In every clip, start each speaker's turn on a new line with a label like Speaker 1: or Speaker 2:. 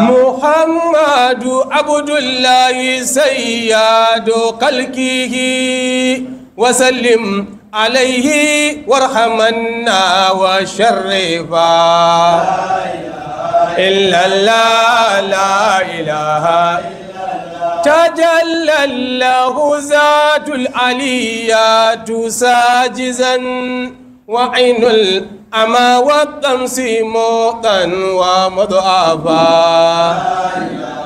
Speaker 1: محمد عبد الله سيد قلقه وسلم عليه وارحمنا وشرفا إلا الله لا إله إلا تجلى الله ذات العليات ساجزا وعين الأما والقمس موقا ومضعفا لا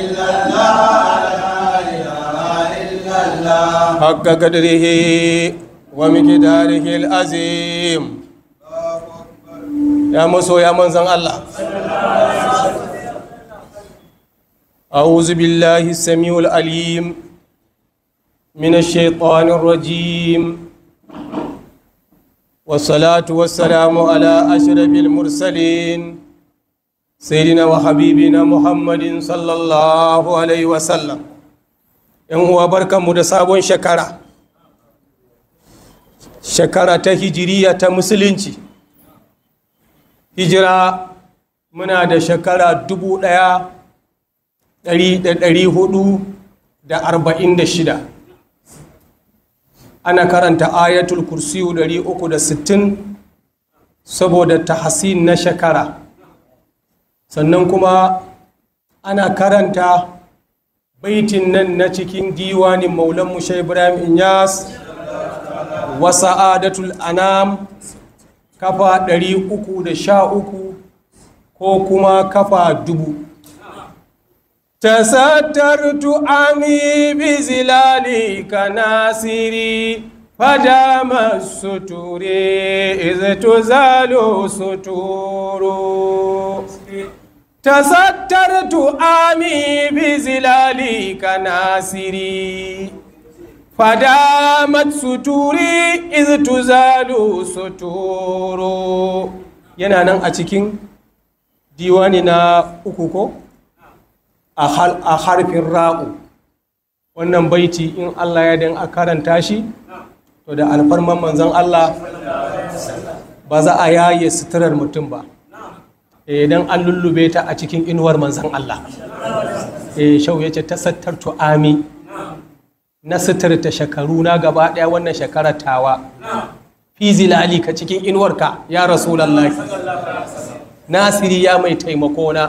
Speaker 1: إله إلا الله حق قدره ومقداره العظيم يا موسى يا منزل الله أعوذ بالله السميع العليم من الشيطان الرجيم والصلاة والسلام على أشرف المرسلين سيدنا وحبيبنا محمد صلى الله عليه وسلم إن هو بركة مدساب شكرا شكرا تهجرية مسلنشي هجرة منا da shekara dubu ɗaya 446 ana karanta ayatul kursiyu 360 saboda tahsin na shekara sannan kuma ana karanta baitin nan na cikin diwanin maulan mushe ibrahim inyas wa sa'adatul anam kafa 313 ko kuma kafa dubu تسترت عني بزلالك ناصري فدام الستور إذ تزال ستور تسترت عني بزلالك ناصري fadamat suturi إذ تزال suturu yana nan a cikin diwani na a harfin ra'u wannan baiti in Allah ya din a karanta shi to da alfarman manzan Allah ba za a yaye suturar mutum ba idan eh, an lullube ta a cikin inuwar manzan Allah eh, shau ya ce ta sattar tu'ami na suturta shekaru na gaba ɗaya wannan shekarar tawa fi zilali ka cikin inuwar ka. ya rasulallah nasiri ya mai taimako na.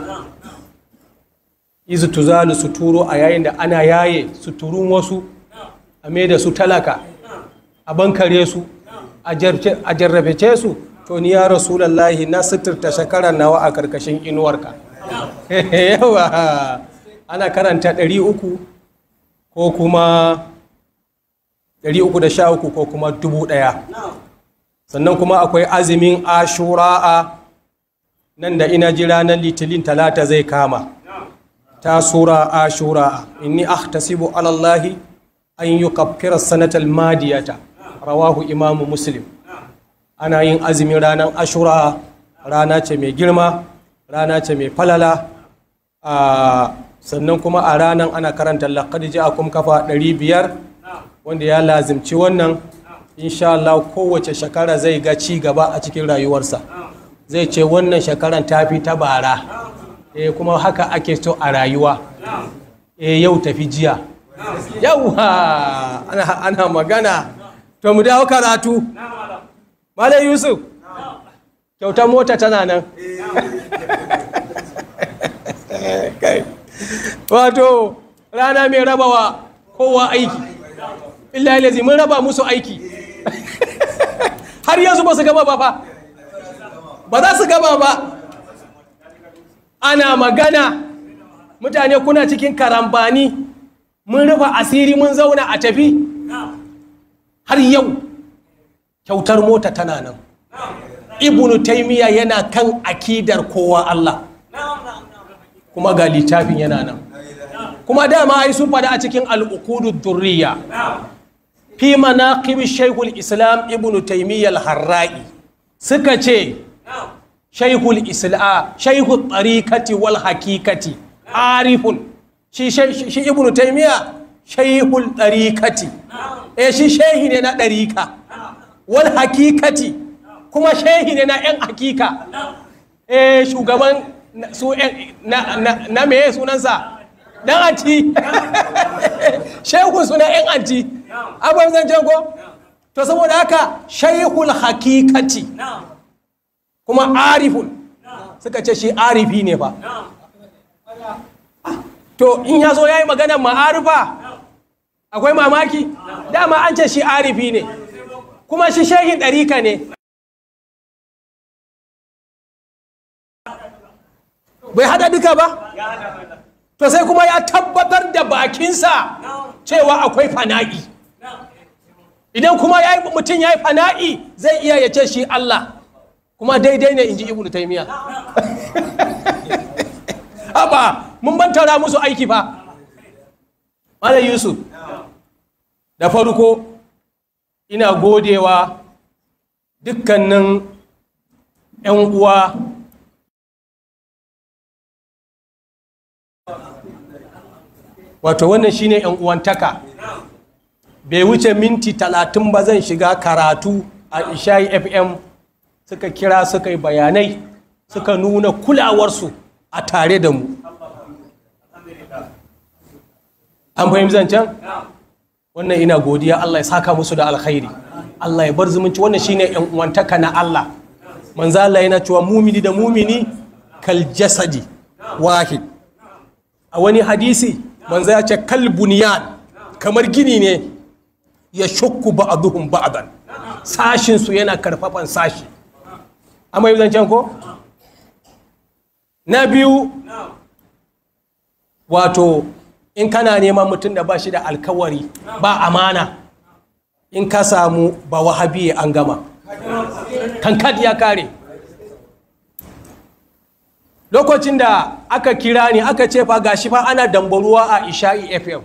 Speaker 1: izu tuzani suturu a yayin da ana yaye suturun wasu a mai da su talaka a bankare su a ce su to ni ya rasulallahi na suturta shekarar nawa a karkashin inuwarka yawa ana karanta 300 ko kuma 313 ko kuma 1000 sannan kuma akwai azumin ashura'a nan da ina ji ranar litilin talata zai kama ta sura ashura inni ahtasibu ala allahi an yukaffira sanatar madiyata rawahu imamu muslim ana yin azumin ranar ashura rana ce mai girma rana ce mai falala sannan kuma a ranar ana karanta laqad ja'akum kafa 500 wanda ya lazimci wannan insha Allah kowace shekara zai ga ci gaba a cikin rayuwarsa zai ce wannan shekaran ta fi ta bara e, kuma haka ake so a rayuwa e, yau tafi jiya yauwa ana, ana magana to mu dawo karatu malai yusuf kyautar mota tana nan wato rana mai rabawa kowa aiki illa ilazi mun raba musu aiki har yanzu ba su gaba ba fa ba za su gaba ba ana magana mutane kuna cikin karambani mun rufa asiri mun zauna a tafi har yau kyautar mota tana nan ibnu taimiyya yana kan akidar kowa Allah kuma ga littafin yana nan kuma dama ai sun fada a cikin al'ukudu durriya fi manaqib shaykhul islam ibnu taimiyya al-harra'i suka ce shaykhul isla shaykhul tsarikati wal hakikati arifun shi shi ibnu taymiya shaykhul tariqati eh shi shehi ne na ɗarika wal hakikati kuma shehi ne na yan hakika eh shugaban su na na sunansa dan anti shehun suna yan anti abin zancen ko to saboda haka shaykhul hakikati kuma arifun suka ce shi arifi ne fa to in ya zo ya yi maganar ma'arifa akwai mamaki dama an ce shi arifi ne kuma shi shehin ɗarika ne bai hada duka ba to sai kuma ya tabbatar da bakinsa cewa akwai fana'i idan kuma mutum ya yi fana'i zai iya ya ce shi Allah kuma daidai ne in ji ibnu taimiya haba mun bantara musu aiki ba malam yusuf da farko ina godewa dukkanin 'yan uwa wato wannan shine 'yan uwantaka bai wuce minti talatin ba zan shiga karatu a Isha fm suka kira suka yi bayanai suka nuna kulawarsu a tare da mu an fahimci zancen wannan ina godiya Allah ya saka musu da alkhairi Allah ya bar zumunci wannan shine yan uwantaka na Allah manzo Allah yana cewa mumini da mumini kal jasadi wahid a wani hadisi manzo ya ce kal bunyan kamar gini ne ya shukku ba'duhum ba'dan sashin su yana karfafan sashi amma bai zancen ko na biyu wato in kana neman mutum da ba shi da alkawari ba amana in ka samu ba wahabi an gama kankan ya kare lokacin da aka kira ni aka ce fa gashi fa ana dambaruwa a isha'i fm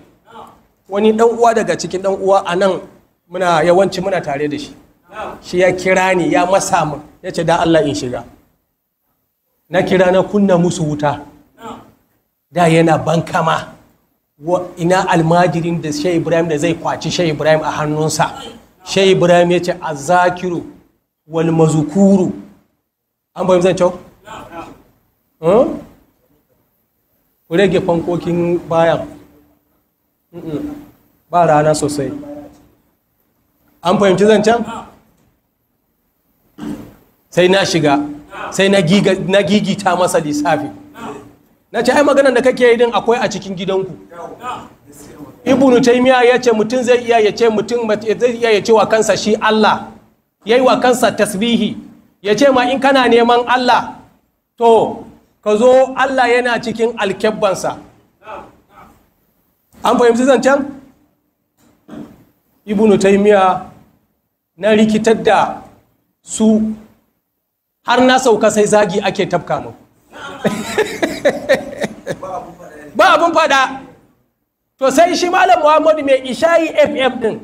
Speaker 1: wani dan uwa daga cikin dan uwa a nan muna yawanci muna tare da shi shi ya kira ni ya masa mun ya ce da Allah in shiga na kira na kunna musu wuta da yana bankama ina almajirin da shai ibrahim da zai kwaci shai ibrahim a hannunsa shai ibrahim ya ce a zakiru wal mazukuru an bayan zan cewa? Hmm? ku rage fankokin bayan ba rana sosai an fahimci zancen? sai na shiga sai na gigita masa lissafi na ce ai maganar da kake yi din akwai a cikin gidanku ibnu taymiya ya ce mutum zai iya ya ce mutum zai iya ya ce wa kansa shi Allah Ya yi wa kansa tasbihi ya ce ma in kana neman Allah to ka zo Allah yana cikin alkebbansa an fahimci zancen ibnu taymiya na rikitar da su har na sauka sai zagi ake tafka mu ba abun fada to sai shi malam muhammadu mai ishayi fm din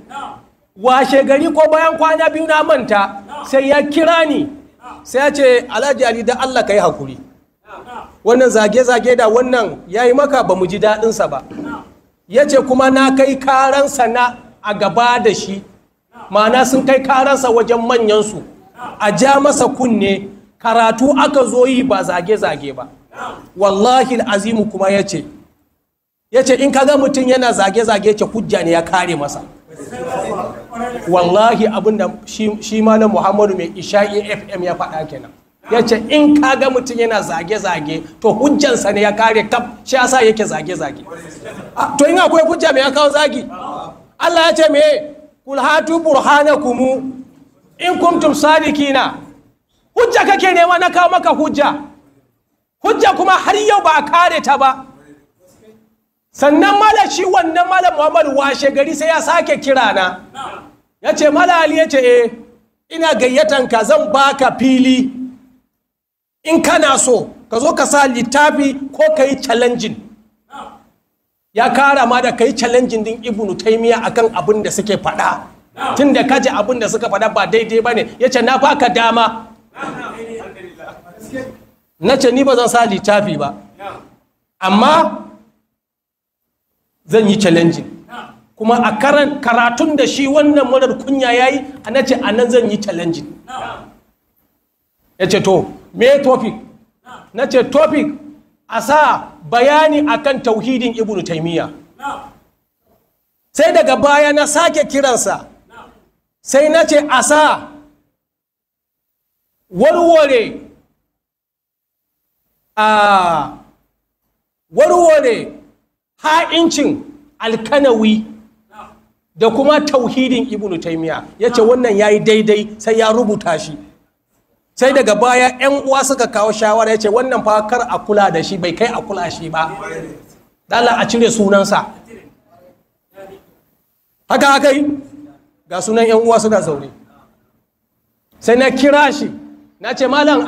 Speaker 1: washe gari ko bayan kwana biyu na manta sai ya kira ni sai ya ce alhaji ali da allah ka yi hakuri wannan zage-zage da wannan ya yi maka ba mu ji daɗinsa ba ya ce kuma na kai karansa na a gaba da shi ma'ana sun kai karansa wajen manyansu a ja masa kunne karatu aka zo yi ba zage-zage ba wallahi azimu kuma ya ce ya ce in kaga mutum yana zage-zage ce hujja ne ya kare masa wallahi abinda shi malam muhammadu mai isha'i fm ya faɗa kenan ya ce in kaga mutum yana zage-zage to hujjansa ne ya kare kaf shi yasa yake zage-zage ah, to in akwai hujja mai ya kawo zagi Allah ya ce me kul hatu burhanakumu in kuntum sadikina hujja kake nema na kawo maka hujja hujja kuma har yau ba a kare ta ba sannan mala shi wannan malam Muhammadu, washe gari sai ya sake kira na ya ce mala ali ya ce e ina gayyatan ka zan baka fili in kana so ka zo ka sa littafi ko ka yi challenging ya kara ma da ka yi challenging din ibnu taimiya akan abin da suke faɗa tun da kaji abin da suka faɗa ba daidai ba ne ya ce na baka dama na ce ni ba zan sa littafi ba amma zan yi challenging kuma a karan karatun da shi wannan murar kunya ya yi a na ce a zan yi challenging ya ce to me topic na ce topic a sa bayani akan tauhidin ibnu taimiyya sai daga baya na sake kiransa sai na ce a sa warware a warware ha'incin alkanawi da kuma tauhidin ibnu taimiya ya ce wannan ya yi daidai sai ya rubuta shi sai daga baya 'yan uwa suka kawo shawara ya ce wannan fakar a kula da shi bai kai a kula shi ba dala a cire sunansa haka haka yi ga sunan yan uwa suna zaune sai na kira shi na ce malam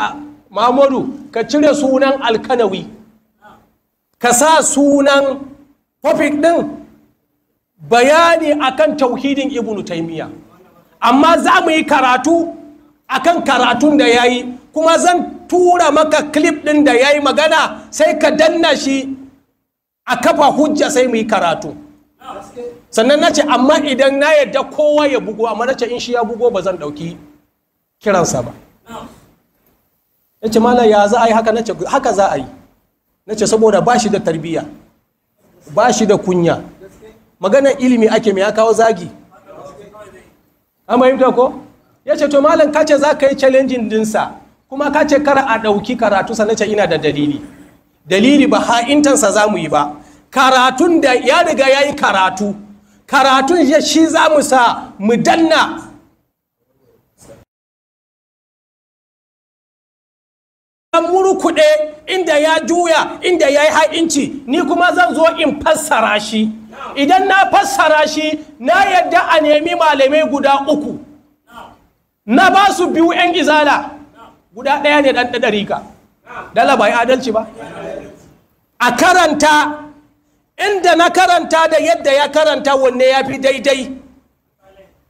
Speaker 1: mamadu ka cire sunan alkanawi ka sa sunan topic din bayani akan tauhidin ibnu taimiyya amma za mu yi karatu akan karatun da ya yi kuma zan tura maka clip din da ya yi magana sai ka danna shi a kafa hujja sai mu yi karatu sannan na ce amma idan na yadda kowa ya bugo amma na ce in shi ya bugo ba zan ɗauki kiransa ba ya ce mala ya za a yi haka na ce haka za a yi na ce saboda ba shi da tarbiyya ba shi da kunya maganar ilimi ake mai ya kawo zagi an fahimta ko ya ce to malam ka ce za ka yi challenge dinsa kuma ka ce kar a ɗauki karatu sannan ce ina da dalili dalili ba ha'intansa za mu yi ba karatun da ya riga ya yi karatu karatun ya shi za mu sa mu danna murkuɗe inda ya juya inda ya yi ha'inci ni kuma zan zo in fassara shi idan na fassara shi na yadda a nemi malamai guda uku na ba su biyu 'yan izala guda ɗaya ne ɗan ɗarika dala bai adalci ba a karanta inda na karanta da yadda ya karanta wanne ya fi daidai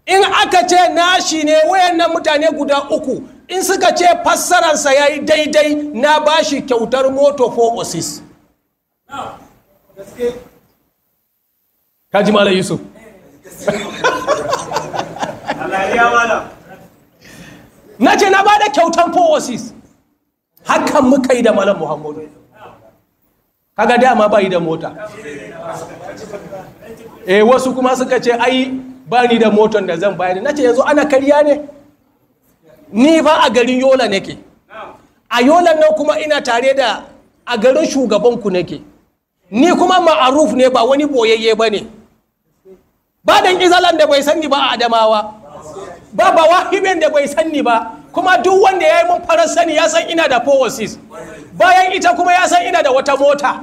Speaker 1: in aka ce nashi ne wayannan mutane guda uku in suka ce fassararsa ya yi daidai na ba shi kyautar moto for osis kaji mala yusuf na ce na ba da kyautar for osis hakan muka yi da malam muhammadu kaga dama bai da mota eh wasu kuma suka ce ai ba ni da motan da zan bayar ce yanzu ana kariya ne ni ba a garin yola nake a yola nan kuma ina tare da a garin shugaban ku nake ni kuma ma'aruf ne ba wani boyayye ba ne ba dan izalan da bai sanni ba a adamawa ba ba wahiben da bai sanni ba kuma duk wanda ya yi mun farar sani ya san ina da powersis bayan ita kuma ya san ina da wata mota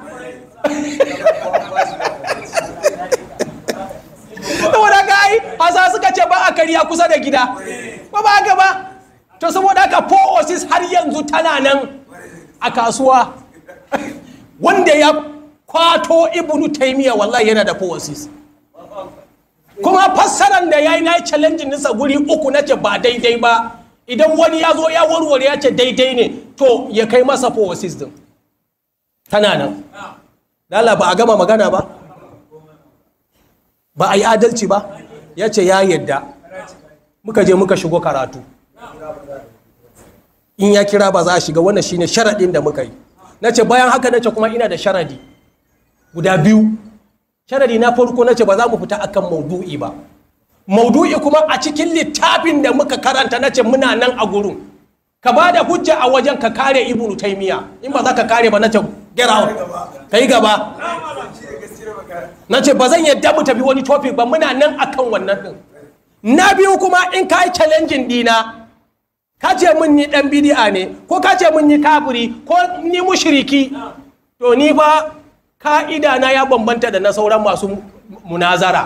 Speaker 1: saboda haka ai hasa suka ce ba a kariya kusa da gida ba ba ga ba to saboda ka powersis har yanzu tana nan a kasuwa wanda ya kwato ibnu taimiyya wallahi yana da powersis kuma fassarar da ya yi na challenge nisa guri uku na ce ba daidai ba idan wani ya zo ya warware ya ce daidai ne to ya kai masa forces din tana nan lala ba a gama magana ba ba a yi adalci ba ya ce ya yadda muka je muka shigo karatu in ya kira ba za a shiga wannan shine sharaɗin da muka yi na ce bayan haka na ce kuma ina da sharadi guda biyu sharadi na farko na ce ba za mu fita akan maudu'i ba maudu'i kuma a cikin littafin da muka karanta na ce muna nan a gurin ka ba da hujja a wajen ka kare ibnu taimiya in ba za ka kare ba na ce get out ka yi gaba na ce ba zan yadda mu tafi wani topic ba muna nan a kan wannan din na biyu kuma in ka yi challenging dina ka ce mun ni dan bidi'a ne ko ka ce mun ni kafiri ko ni mushriki to ni ba ka'ida na ya bambanta da na sauran masu munazara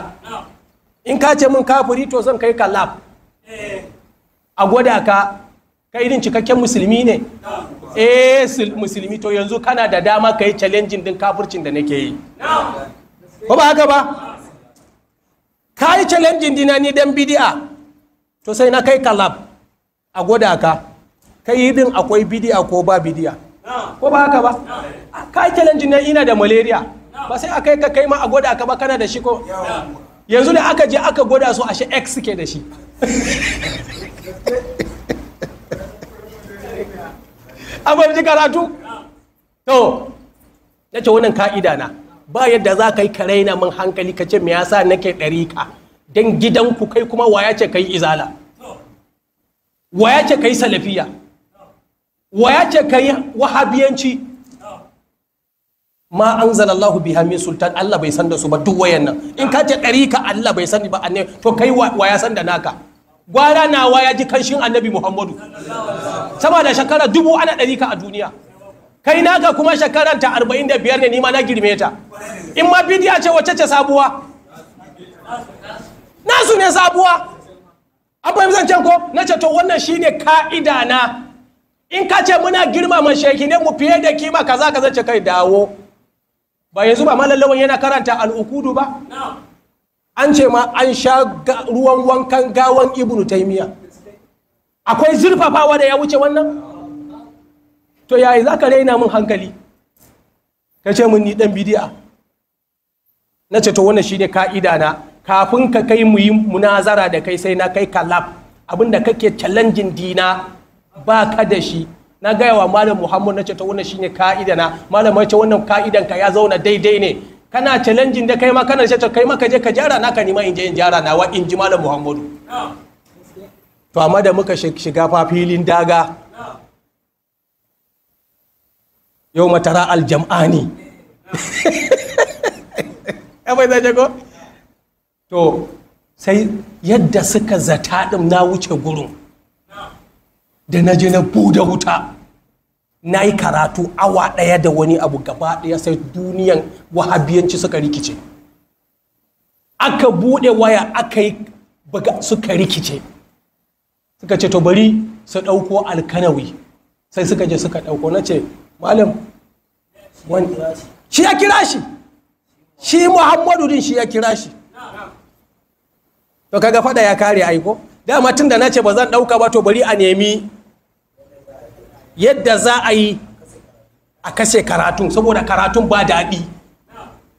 Speaker 1: in ka ce min kafiri to zan kai ka lab a gwada ka ka irin cikakken musulmi ne eh musulmi to yanzu kana da dama ka yi challenging din kafircin da nake yi Ko ba haka ba ka yi challenging dina ni dan bidi'a to sai na kai ka lab a gwada ka ka yi din akwai bidi'a ko ba bidi'a ko ba haka ba ka yi challenging ne ina da malaria ba sai a kai ka kai ma a gwada ka ba kana da shi ko yanzu ne aka je aka gwada su ashe x suke da shi abin ji karatu to ya ce wannan ka'ida na ba yadda za ka yi ka na min hankali ka ce ya yasa nake ɗariƙa don ku kai kuma waya ce ka yi izala waya ce ka yi salafiya waya ce ka yi wahabiyanci ma anzalallahu biha min sultan Allah bai san da su ba duk wayannan in ka ce ɗari ka Allah bai sani ba annabi to kai wa ya san da naka gwara nawa ya ji kanshin annabi Muhammadu sama da shekara dubu ana ɗarika a duniya kai naka kuma shekaran ta 45 ne nima na girme ta in ma bidiya ce wacce ce sabuwa nasu ne sabuwa abuwa zancen ko na ce to wannan shine ka'ida na in ka ce muna girmama sheki ne mu fiye da kima kaza kaza ce kai dawo ba yanzu ba malalawan yana karanta al'ukudu ba an ce ma an sha ruwan wankan gawan ibnu taimiya akwai zurfafawa da ya wuce wannan to yayi za ka raina mun hankali ka ce mun ni dan bidiya na ce to wannan shine ka'ida na kafin ka kai mu yi munazara da kai sai na kai ka lab abinda kake challenging dina ba ka da shi na gaya wa malam muhammad na ce ta wannan shine ka'ida na malam ya ce wannan ka'idan ka ya zauna daidai ne kana challenging da kai ma kana ce kai ma ka je ka jara na ka nima in je in jara na wa in ji malam muhammadu to amma da muka shiga fa filin daga yau matara aljam'ani bai da jago to sai yadda suka zata din na wuce gurin da na je na buɗe wuta na yi karatu awa ɗaya da wani abu gaba ɗaya sai duniyan wahabiyanci suka rikice aka buɗe waya aka yi suka rikice suka ce to bari su ɗauko alkanawi sai suka je suka ɗauko na ce malam shi ya kira shi shi muhammadu din shi ya kira shi to kaga fada ya kare aiko dama tun da na ce ba zan ɗauka ba to bari a nemi yadda za a yi a kashe karatun saboda karatun ba daɗi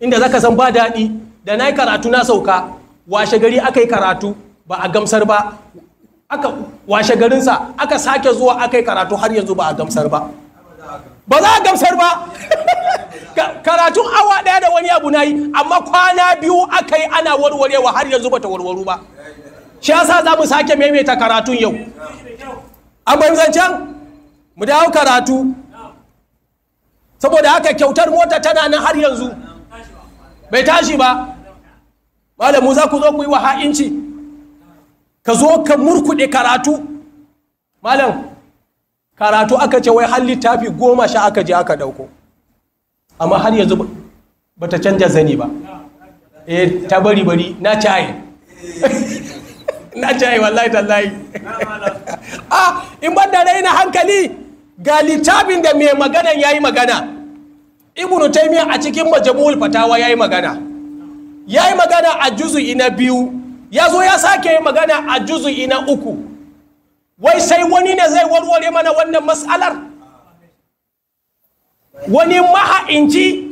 Speaker 1: inda za ka san ba daɗi da na yi karatu na sauka washe gari aka yi karatu ba a gamsar ba aka washe garinsa aka sake zuwa aka yi karatu har yanzu ba a gamsar ba ba za a gamsar ba karatun awa ɗaya da wani abu na yi amma kwana biyu aka yi ana warwarewa har yanzu ba ta warwaru ba shi yasa za mu sake maimaita karatun yau a banzancen mu dawo karatu saboda haka kyautar mota tana nan har yanzu bai tashi ba malamu za ku zo ku yi wa ha'inci ka zo ka murkuɗe karatu malam karatu aka ce wai har littafi goma sha aka je aka ɗauko amma har yanzu ba ta canja zani ba eh ta bari bari na caye na caye wallahi tallahi ah in banda dai na hankali ga littafin da mai magana ya yi magana ibn taimiyya a cikin Majamul fatawa ya yi magana ya yi magana a juzu'i ina biyu ya zo ya sake yi magana a juzu'i na uku wai sai wani ne zai warware mana wannan matsalar wani maha'inci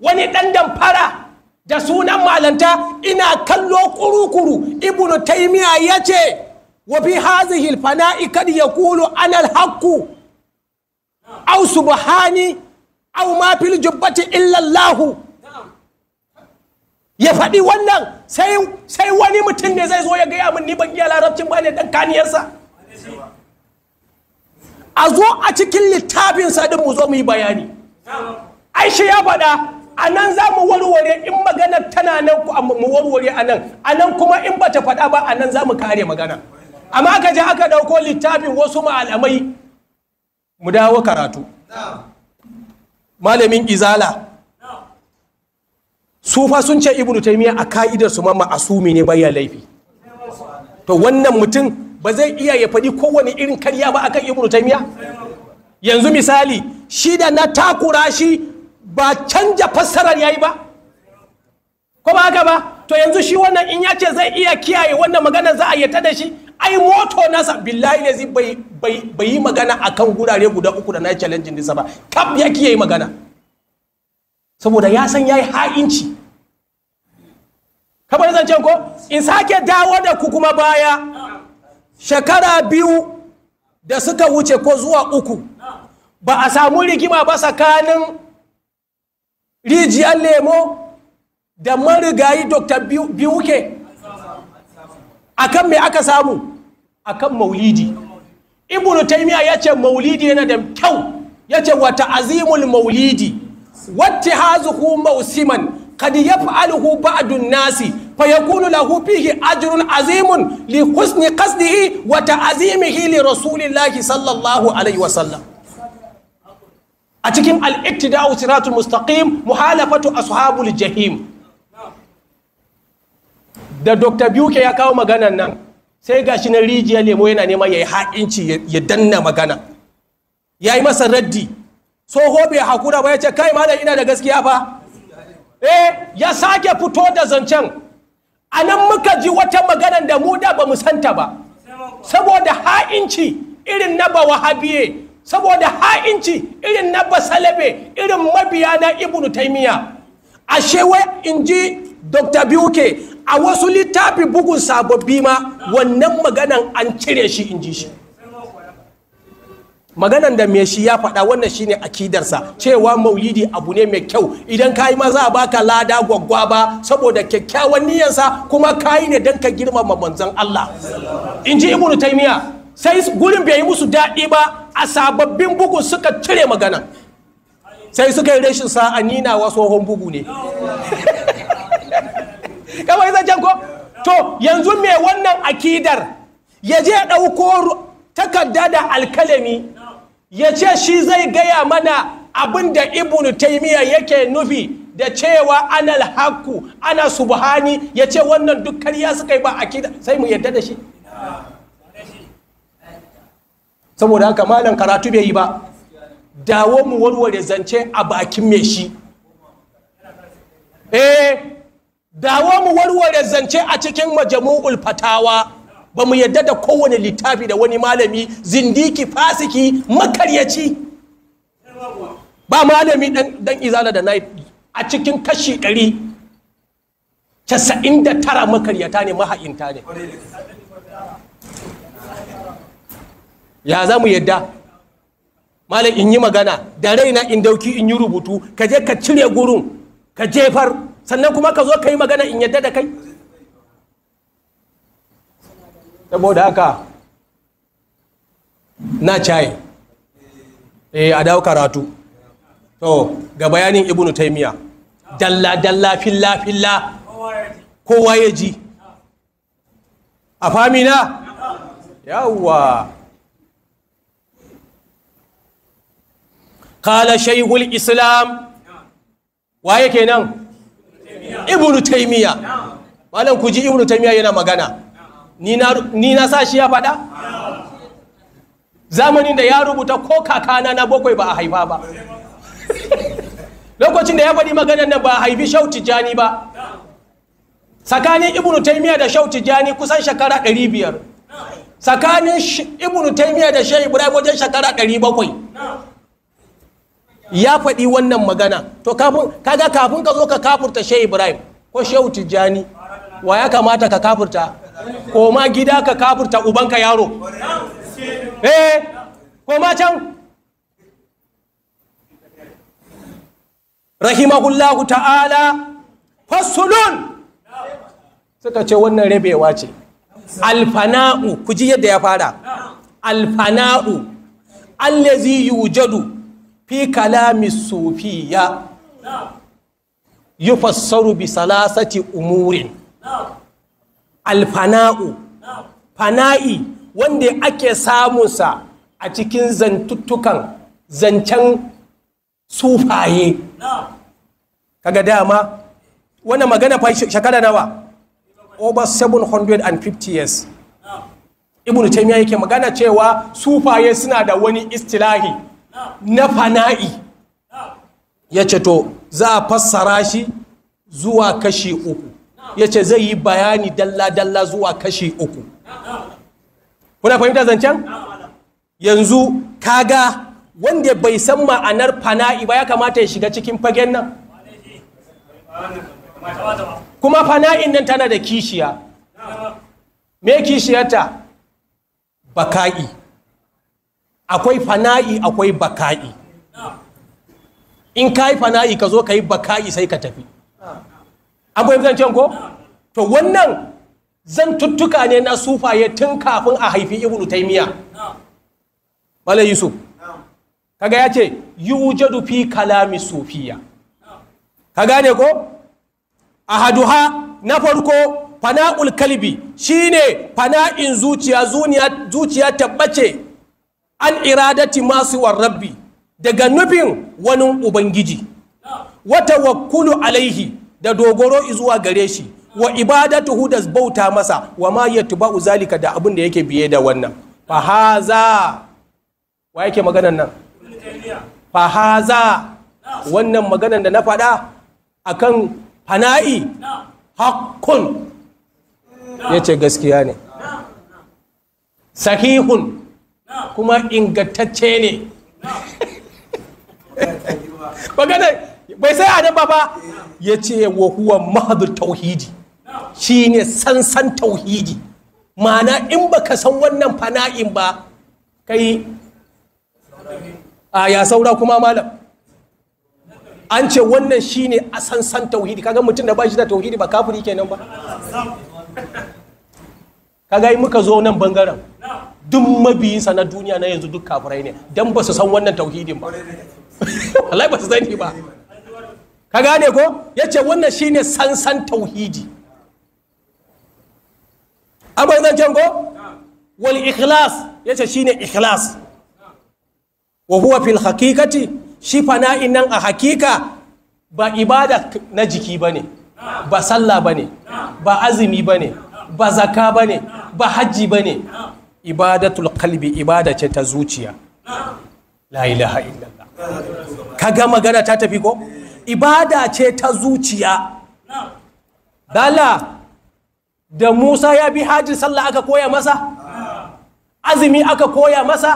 Speaker 1: wani ɗan damfara da sunan malanta ina kallo kurukuru ibn taimiyya ya ce wa bi hazihi alfana'i kad yaqulu 'Anal-Hakku. au subhani au ma illallahu ya faɗi wannan sai wani mutum ne zai zo ya gaya min ni ban iya larabcin ba ne dan kaniyarsa a zo a cikin littafinsa din mu zo mu yi bayani aisha ya faɗa a nan za mu warware in magana tana nan mu warware a nan a nan kuma in bata faɗa ba a nan za mu kare magana amma aka je aka ɗauko littafin wasu ma'alamai mu dawo karatu malamin izala su fa sun ce ibnu taymiya a ka'idar su mamma asumi ne bayan laifi to wannan mutum ba zai iya ya faɗi kowane irin karya ba akan ibnu taymiya yanzu misali shi da na takura shi ba canja fassarar yayi ba ko ba haka ba to yanzu shi wannan in ya ce zai iya kiyaye wannan magana za a yata da shi ai moto nasa billahi ne zai bai yi magana akan gurare guda uku da na yi challenge ba kaf ya kiye magana saboda ya san ya yi ha'inci kamar zancen ko in sake dawo da ku kuma baya shekara biyu da suka wuce ko zuwa uku ba a samu rigima ba tsakanin rijiyar lemo da marigayi dr biwuke akan me aka samu akan maulidi ibnu taymiya yace maulidi yana da kyau yace wa ta'zimul maulidi wattihazuhu mausiman qad yaf'aluhu ba'dun nasi fa yakunu lahu fihi ajrun azimun li husni qasdihi wa ta'zimihi li rasulillahi sallallahu alaihi sallam. a cikin al-iktida'u siratul mustaqim muhalafatu ashabul jahim da dr buke ya kawo maganan nan sai ga shi na rijiya lemo yana nema ya yi ha'inci ya danna magana ya yi masa raddi tsoho bai hakura ba ya ce kai malam ina da gaskiya fa eh ya sake fito da zancen a nan muka ji wata magana da mu da ba mu santa ba saboda ha'inci irin na ba wahabiye saboda ha'inci irin na ba salabe irin mabiya na ibnu taimiya ashe wai in ji dr buke a wasu littafin bugun sababbi ma wannan maganan an cire shi in ji shi maganan da mai shi ya faɗa wannan shine akidarsa cewa maulidi abu ne mai kyau idan ka yi maza baka lada ba saboda kyakkyawan niyyarsa kuma ka yi ne don ka girmama manzon Allah in ji ibnu taimiya sai gurin bai yi musu daɗi ba a sababbin bugu suka cire maganan sai suka yi rashin sa'a nina tsohon bugu ne kamar can ko to yanzu me wannan akidar ya je ɗauko takarda da alkalami ya ce shi zai gaya mana abin da ibnu taimiyya yake nufi da cewa anal haku ana subhani ya ce wannan duk kariya suka yi ba akida sai mu yadda da shi saboda haka malam karatu bai yi ba dawo mu warware zance a bakin mai shi eh dawo mu warware zance a cikin majamu'ul fatawa ba mu yadda da kowane littafi da wani malami zindiki fasiki makaryaci ba malami dan izala da naif a cikin kashi ɗari casa'in da tara makaryata ne maha'inta ne ya za mu yadda malam in yi magana da raina in dauki in yi rubutu ka je ka cire gurin ka jefar sannan kuma ka zo ka yi magana in yadda da kai saboda haka na caye e, eh, a dawo karatu to ga bayanin ibnu taymiya dalla dalla filla filla kowa ya ji a famina yawwa Kala shaykhul islam waye kenan ibnu taimiya. malam ku ji ibnu taymiya yana magana ni na sa shi ya faɗa zamanin da ya rubuta ko kakana na bakwai ba a haifa ba lokacin da ya faɗi maganar nan ba a haifi shauti jani ba tsakanin ibnu taymiya da shauti jani kusan shekara 500 tsakanin ibnu taymiya da shehu ibrahim wajen shekara 700 ya faɗi wannan magana to kaga kafin ka zo ka kafurta shehu ibrahim ko shehu tijjani wa ya kamata ka kafurta ko ma gida ka kafurta ubanka yaro eh ko ma can rahimahullahu ta'ala fasulun suka ce wannan rabewa ce alfana'u ku ji yadda ya fara alfana'u allazi yujadu fi kalami sufiya fassaru bi salasati umurin alfana'u fana'i wanda ake samunsa a cikin zantuttukan zancen sufaye kaga dama wannan magana fa shekara nawa over 750 years ibnu taymiya yake magana cewa sufaye suna da wani istilahi na fana'i ya ce to za a fassara shi zuwa kashi uku ya ce zai yi bayani dalla-dalla zuwa kashi uku kuna fahimta zancen? yanzu kaga wanda bai san ma'anar fana'i ba ya kamata ya shiga cikin fagen nan kuma fana'in nan tana da kishiya me kishiyarta baka'i akwai fana'i akwai baka'i in ka yi fana'i ka zo ka yi baka'i sai ka tafi akwai zancen ko to wannan zan tuttuka ne na sufaye tun kafin a haifi ibnu taimiya bala yusuf kaga ya ce yi yujadu fi kalami sufiya ka gane ko ahaduha na farko fana'ul kalbi shine fana'in zuciya zuciya tabbace an iradati masu rabbi daga nufin wani ubangiji wata wakulu alaihi da dogoro zuwa gare shi wa ibadatu da bauta masa wa ma tuba zalika da abin da yake biye da wannan fahaza wa yake maganan nan fahaza wannan maganan da na faɗa akan fana'i hakkun ya ce gaskiya ne sahihun kuma ingantacce ne magana bai sai adam ba ya ce wa huwa mahadu tauhidi shi ne sansan tauhidi ma'ana in baka san wannan fana'in ba kai a ya saura kuma malam an ce wannan shi ne a sansan tauhidi kaga mutum da ba shi da tauhidi ba kafiri kenan ba kaga yi muka zo nan bangaren duk mabiyinsa na duniya na yanzu duk kafirai ne don ba su san wannan tauhidin ba wallahi ba su sani ba ka gane ko ya ce wannan shine sansan tauhidi abin zancen ko wal ikhlas ya ce shi ne ikhlas wa huwa fil hakikati shi fana'in nan a hakika ba ibada na jiki ba ne ba sallah ba ne ba azumi ba ne ba zaka ba ne ba hajji ba ne ibadatul kalbi ibada ce ta zuciya la ilaha illallah kaga magana ta tafi ko ibada ce ta zuciya dala da Musa ya bi hajji sallah aka koya masa azumi aka koya masa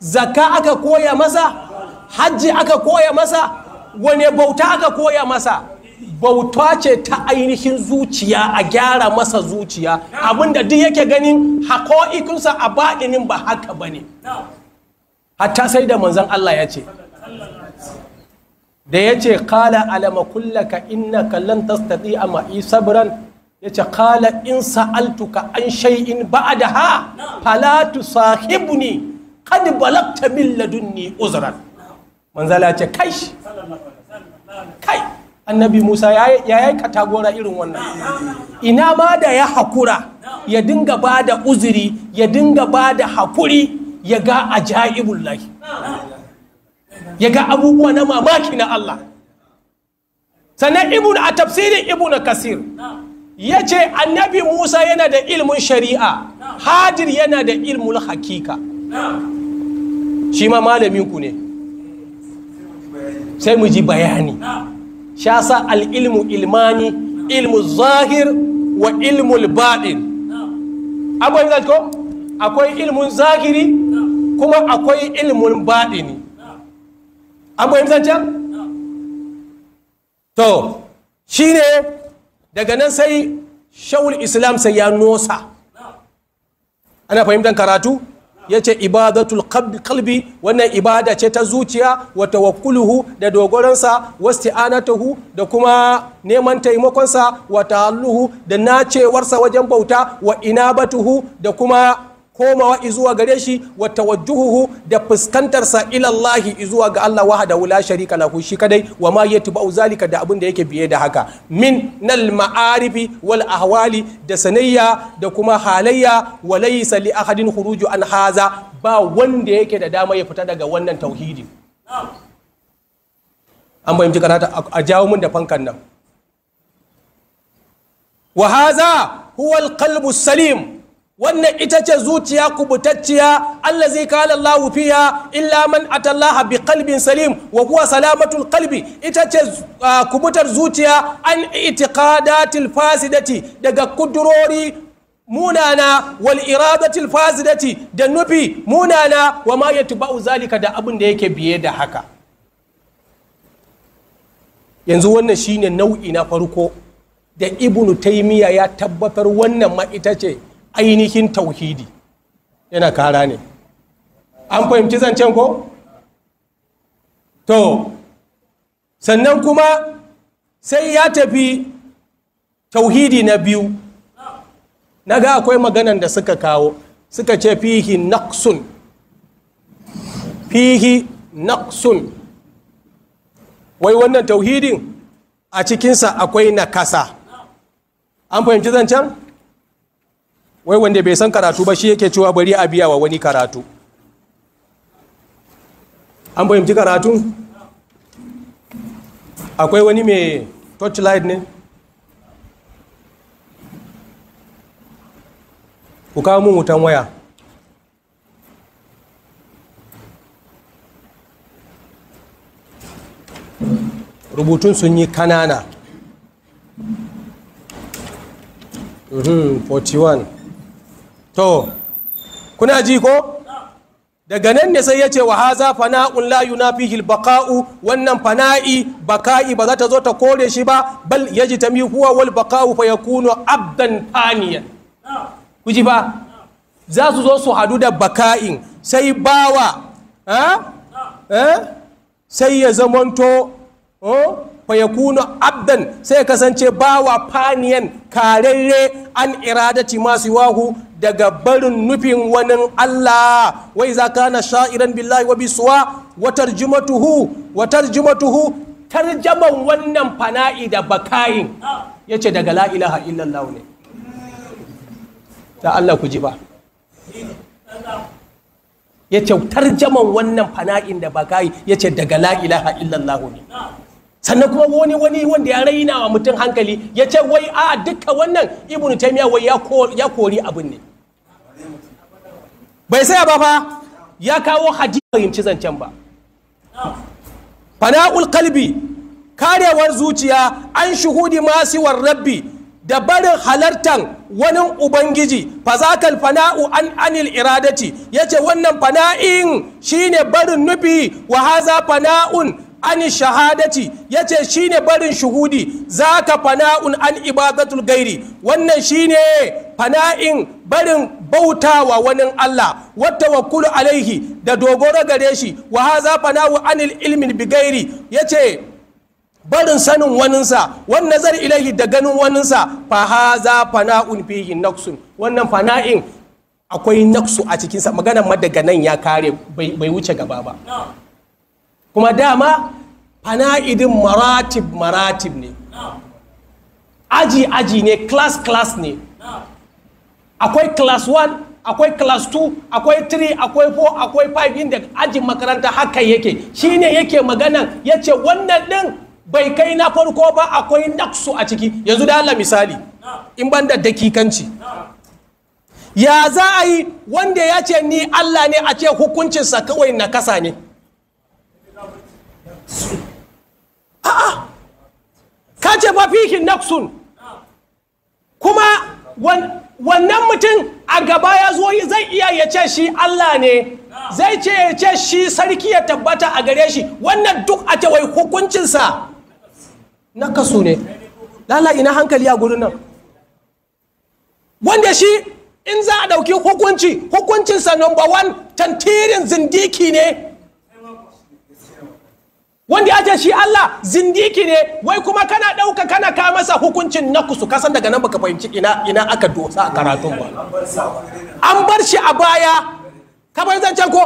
Speaker 1: zaka aka koya masa hajji aka koya masa wane bauta aka koya masa bauta ce ta ainihin zuciya a gyara masa zuciya abinda duk yake ganin ikunsa a baɗinin ba haka ba ne hatta sai da manzan Allah ya ce da ya ce kala alama kullaka inna kallon tastaɗi a ma'i sabran ya ce kala in sa'altuka an ba'a da ha falatu sahibuni kad balakta min ladunni uzran manzala ce kai kai annabi musa ya yi katagora irin wannan ina ma da ya hakura ya dinga ba da uzuri ya dinga ba da hakuri ya ga ajaibul lahi ya ga abubuwa na mamaki na Allah sannan ibn a tafsirin ibn kasir ya ce annabi musa yana da ilmin shari'a hadir yana da ilmin hakika shi ma malamin ne sai mu ji bayani sha sa al'ilmu ilmani ilmu zahir wa ilmul baɗin zai ko akwai ilmun zahiri kuma akwai ilmun baɗini zai zancen to shi ne daga nan sai shawul islam sai ya nosa ana fahimtar karatu ya ce ibadatul kalbi wannan ibada ce ta zuciya wa tawakkuluhu da dogoransa wa isti'anatuhu da kuma neman taimakonsa wa ta'alluhu da nacewarsa wajen bauta wa inabatuhu da kuma komawa izuwa gare shi wa tawajjuhu da fuskantar sa ila izuwa ga Allah wahada wula sharika lahu shi kadai wa ma yatba'u zalika da abin da yake biye da haka min nal ma'arifi wal ahwali da sanayya da kuma halayya wa laysa li ahadin khuruju an haza ba wanda yake da dama ya fita daga wannan tauhidi an bayyana karata a jawo mun da fankan nan wa haza huwa al qalbu salim wannan ita ce zuciya kubutacciya allah zai qala Allah fiha illa man atallaha bi qalbin salim wa huwa salamatul qalbi ita ce kubutar zuciya an itiqadatil fasidati daga kudurori munana wal iradatil fasidati da nufi munana wa ma yatba'u zalika da abin da yake biye da haka yanzu wannan shine nau'i na farko da ibnu taymiya ya tabbatar wannan ma ita ce ainihin tauhidi yana kara ne an fahimci zancen ko to sannan kuma sai ya tafi tauhidi na biyu na ga akwai maganan da suka kawo suka ce fihi naqsun fihi naqsun wai wannan tauhidin a cikinsa akwai na kasa an fahimci zancen? wai wanda bai san karatu ba shi yake cewa bari a biya wa wani karatu an fahimci karatu akwai wani mai torchlight ne ku kawo mun wutan waya rubutun sun yi kanana 41 mhm, to kuna ji ko daga nan ne sai ya ce wa haza fana'un la yunafihi baka'u wannan fana'i baka'i ba za ta zo ta kore shi ba bal yajtami huwa wal baka'u fa yakunu abdan thaniyan ku ji ba za su zo su hadu da baka'in sai bawa eh? Eh? sai ya zamanto oh, fayakunu abdan sai kasance bawa faniyan karerre an iradaci masu wahu daga barin nufin wani Allah wai za ka na sha'iran billahi wa bisuwa watar jimatuhu watar jimatuhu tarjaman wannan fana'i da bakayin ya ce daga la'ilaha illallah ne ta Allah ku ji ba ya ce tarjaman wannan fana'in da bakayi ya ce daga la'ilaha illallah ne sannan kuma wani wani wanda ya raina wa mutum hankali ya ce wai a duka wannan ibn taimiyar wai ya kori abin ne bai saya ba fa ya kawo hadisi fahimci zancen ba fana'ul kalbi karewar zuciya an shuhudi masiwar rabbi da barin halartan wani ubangiji fazakal fana'u an anil Ya ce wannan fana'in shine barin nufi wa haza fana'un an shahadati shi ne barin shuhudi zaka fana'un an ibadatul gairi wannan shi shine fana'in barin bautawa wani Allah wata wakulu alaihi da dogoro gare shi wa haza fana'un anil ilmin bigairi yace barin sanin waninsa wan nazar ilaihi da ganin waninsa fa haza fana'un fihi naqsun wannan fana'in akwai naqsu a cikinsa maganar madaganan nan ya kare bai wuce gaba ba kuma dama fana'idin maratib maratib ne aji aji ne class class ne akwai class 1 akwai class 2 akwai 3 akwai 4 akwai 5 inda ajin makaranta haka yake ne yake magana ce wannan din bai kai na farko ba akwai naksu a ciki yanzu da Allah misali in ban da dakikanci ya za a yi wanda ya ce ni Allah ne a ce hukuncinsa kawai na kasa ne a'a ka ce ba fikin naksun kuma wannan mutum a gaba ya zo zai iya ya ce shi Allah ne zai ce ya ce shi sarki ya tabbata a gare shi wannan duk a ce hukuncinsa na kasu ne lala ina hankali a gurin nan wanda shi in za a ɗauki hukunci hukuncinsa number one tantirin zindiki ne wanda ya ce shi Allah zindiki ne wai kuma kana ɗauka kana ka masa hukuncin na kusu kasan daga nan baka fahimci ina ina aka dosa a karatun ba an bar shi a baya Ka bar zancen ko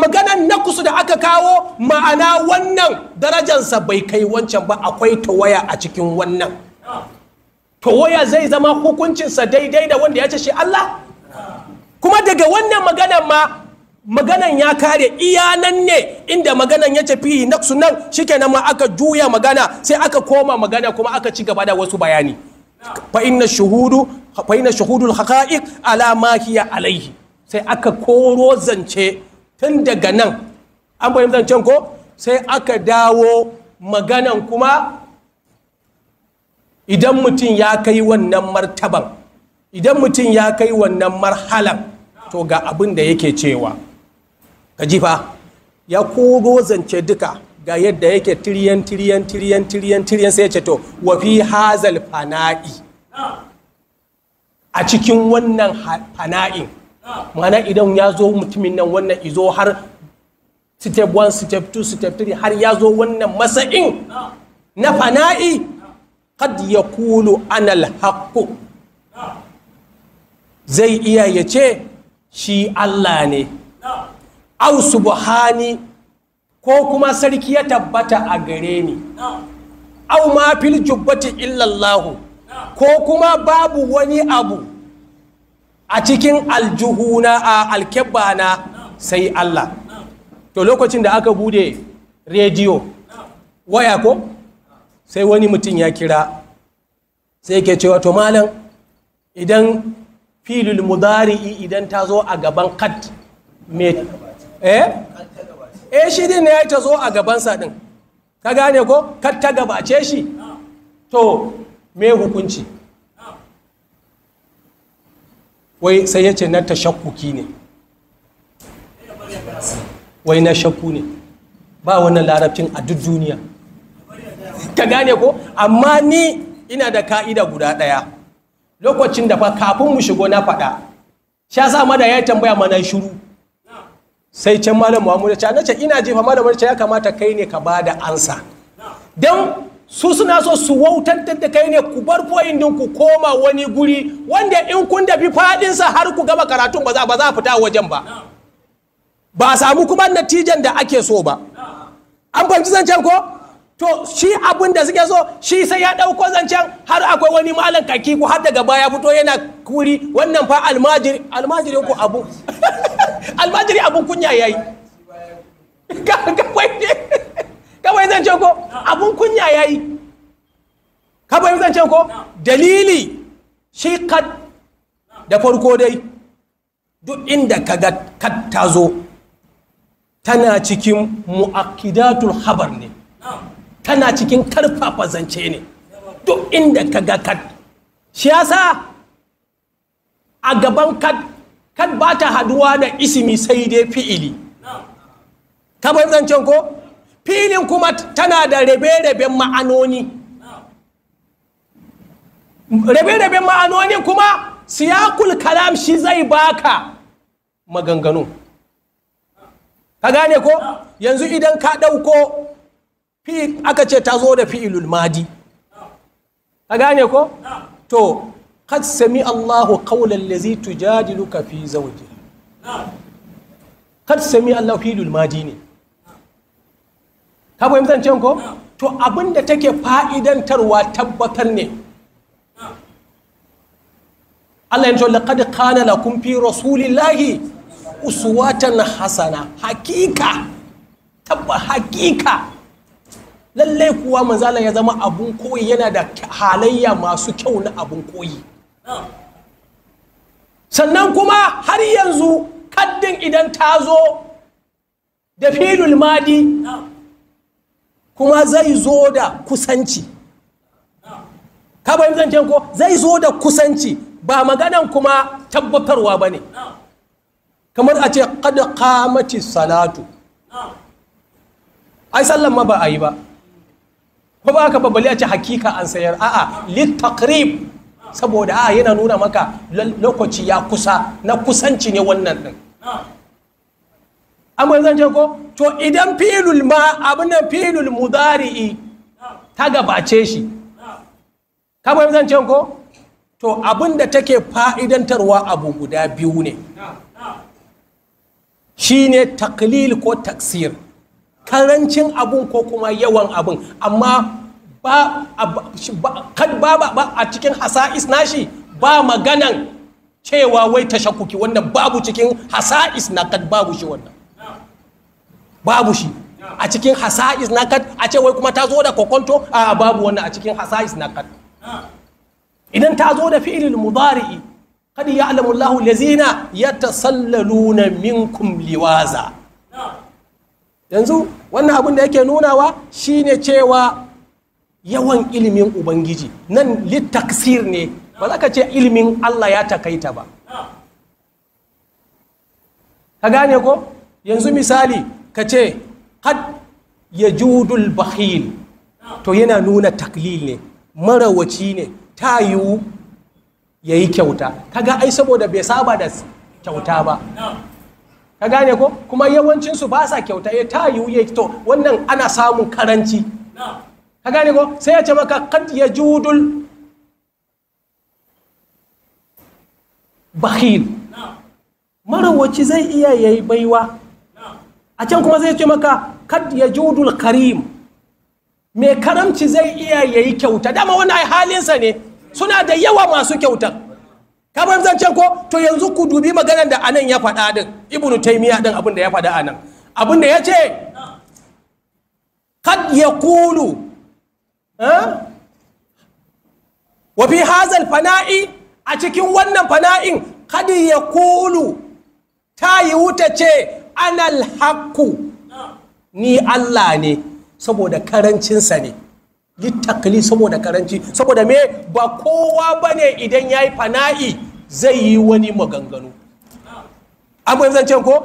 Speaker 1: maganan na kusu da aka kawo ma'ana wannan darajansa bai kai wancan ba akwai tawaya a cikin wannan tawaya zai zama hukuncinsa daidai da wanda ya ce shi Allah kuma daga wannan maganan ma maganan ya kare iya nan ne inda maganan ya tafi na sunan shikenan ma aka juya magana sai aka koma magana kuma aka ci gaba da wasu bayani fa inna shuhudu fa inna ala ma alaihi sai aka koro zance tun daga nan an bayan zancen ko sai aka dawo maganan kuma idan mutum ya kai wannan martaban idan mutum ya kai wannan marhalan to ga abin da yake cewa ka ji fa ya kogo zance duka ga yadda yake tiriyan tiriyan tiriyan tiriyan tiriyan sai ya ce to wa fi hazal fana'i a cikin wannan fana'in mana idan ya zo mutumin nan wannan izo har step 1 step 2 step 3 har ya zo wannan masa'in
Speaker 2: na fana'i
Speaker 1: kad ya kulu anal haqqu zai iya ya ce shi Allah ne au subhani ko kuma sarki ya tabbata a gare ni au ma fil jubbati illallahu ko kuma babu wani abu a cikin aljuhuna a alkebana sai Allah to lokacin da aka bude rediyo waya ko sai wani mutum ya kira sai ke cewa to malam idan filul mudari'i idan ta zo a gaban kat mai eh eh shi din ya ta zo a gabansa din ka gane ko kar ta gabace shi to me hukunci wai sai ya ce na ta shakkuki ne wai na shakku ne ba wannan larabcin a duk duniya ka gane ko amma ni ina da ka'ida guda ɗaya lokacin da fa kafin mu shigo na faɗa sha sa ma da ya tambaya mana shiru. sai can malam muhammadu ce nace ina jefa malam ce ya kamata kai ne ka ba da ansa don su suna so su wautantar da kai ne ku bar foyin din ku koma wani guri wanda in kun dafi fadinsa har ku gama karatun ba za a fita wajen ba ba a samu kuma natijan da ake so ba an fahimci zancen ko to shi abin da suke so shi sai ya ɗauko zancen har akwai wani malam kaki ko har daga baya fito yana kuri wannan fa almajiri almajiri ko abu almajiri abun kunya yayi kawai ne kawai zancen ko abun kunya yayi kawai zancen ko dalili shi kad da farko dai duk inda kaga kad tazo tana cikin mu'akkidatul habar ne tana cikin karfafa zance ne duk inda ka ga kad shi yasa a gaban kad kad ba ta haduwa da isimi sai dai fi'ili kamar zancen ko filin kuma tana da rabe-raben ma'anoni rabe-raben ma'anoni kuma siyakul kalam shi zai baka maganganu ka gane ko yanzu idan ka ɗauko fi aka ce ta zo da fi'ilul madi ka gane ko to kad sami Allahu qawla allazi luka fi zauji kad sami Allahu fi'ilul madi ne ka fahimtar can ko to abinda take fa'idantarwa tabbatar ne Allah ya ce laqad kana lakum fi rasulillahi uswatan hasana hakika tabba hakika lallai kuwa manzala ya zama abun koyi yana da halayya masu kyau na abun koyi sannan kuma har yanzu kaddin idan ta zo da filul madi kuma zai zo da kusanci ka bayan ko zai zo da kusanci ba maganan kuma tabbatarwa ba ne kamar a ce kada kamati salatu ai sallan ma ba a yi ba ko ba ka babbali a ce hakika an sayar a'a littakrib saboda a'a yana nuna maka lokaci ya kusa na kusanci ne wannan din amma zan ce ko to idan filul ma abin nan filul mudari'i ta gabace shi kamar zan ce ko to abin da take fa'idantarwa abu guda biyu ne shi ne taklil ko taksir karancin abun ko kuma yawan abun amma ba ba a cikin hasa'is nashi ba maganan cewa wai shakuki wannan babu cikin hasa'is na kad babu shi wannan babu shi a cikin hasa'is na kad a ce wai kuma ta zo da kokonto a babu wannan a cikin hasa'is na kad idan ta zo da fi'ilil mudari'i kad ya'lamu Allahu lazina yatasallaluna minkum liwaza yanzu wannan abin da yake nunawa shine cewa yawan ilimin ubangiji nan littaksir ne ba za ka ce ilimin allah ya takaita ba ka gane ko yanzu misali ka ce had ya judul bahil to yana nuna taklil ne marawaci ne ta yiwu ya yi kyauta Ka ga ai saboda bai saba da kyauta ba ka gane ko kuma yawancin su ba sa kyauta ya eh, ta yiwu ya to wannan ana samun karanci ka gane ko sai ya ce maka kad ya judul bakhil marawaci zai iya ya yi baiwa a can kuma zai ce maka kad ya judul karim mai karamci zai iya ya yi kyauta dama wani halinsa ne suna da yawa masu kyautar kamar ce ko to yanzu ku dubi maganar da anan ya faɗa din ibnu taymiya din abin da ya faɗa anan abin da ya ce kad yaqulu eh, wa fi hazal fana'i a cikin wannan fana'in kad yaqulu ta yi wuta ce anal haqqu ni Allah ne saboda karancinsa ne Yi littakali saboda karanci saboda me ba kowa bane idan ya yi fana'i zai yi wani maganganu an yanzu zancen ko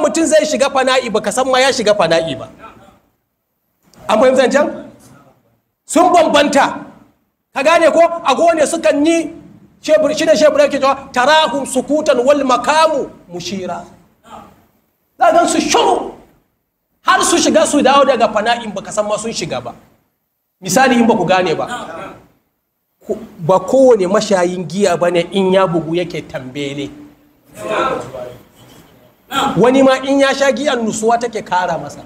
Speaker 1: mutum zai shiga fana'i ba kasan ma ya shiga fana'i ba an yanzu zancen sun bambanta ka gane ko a gone sukan yi shi da shebura yake cewa tarahum sukutan wal makamu mushira za su shuru har su shiga su dawo daga fana'in baka kasan ma sun shiga ba misali in ba ku gane ba ba kowane mashayin giya ba ne in ya bugu yake tambele wani ma in ya sha giyan nusuwa take kara masa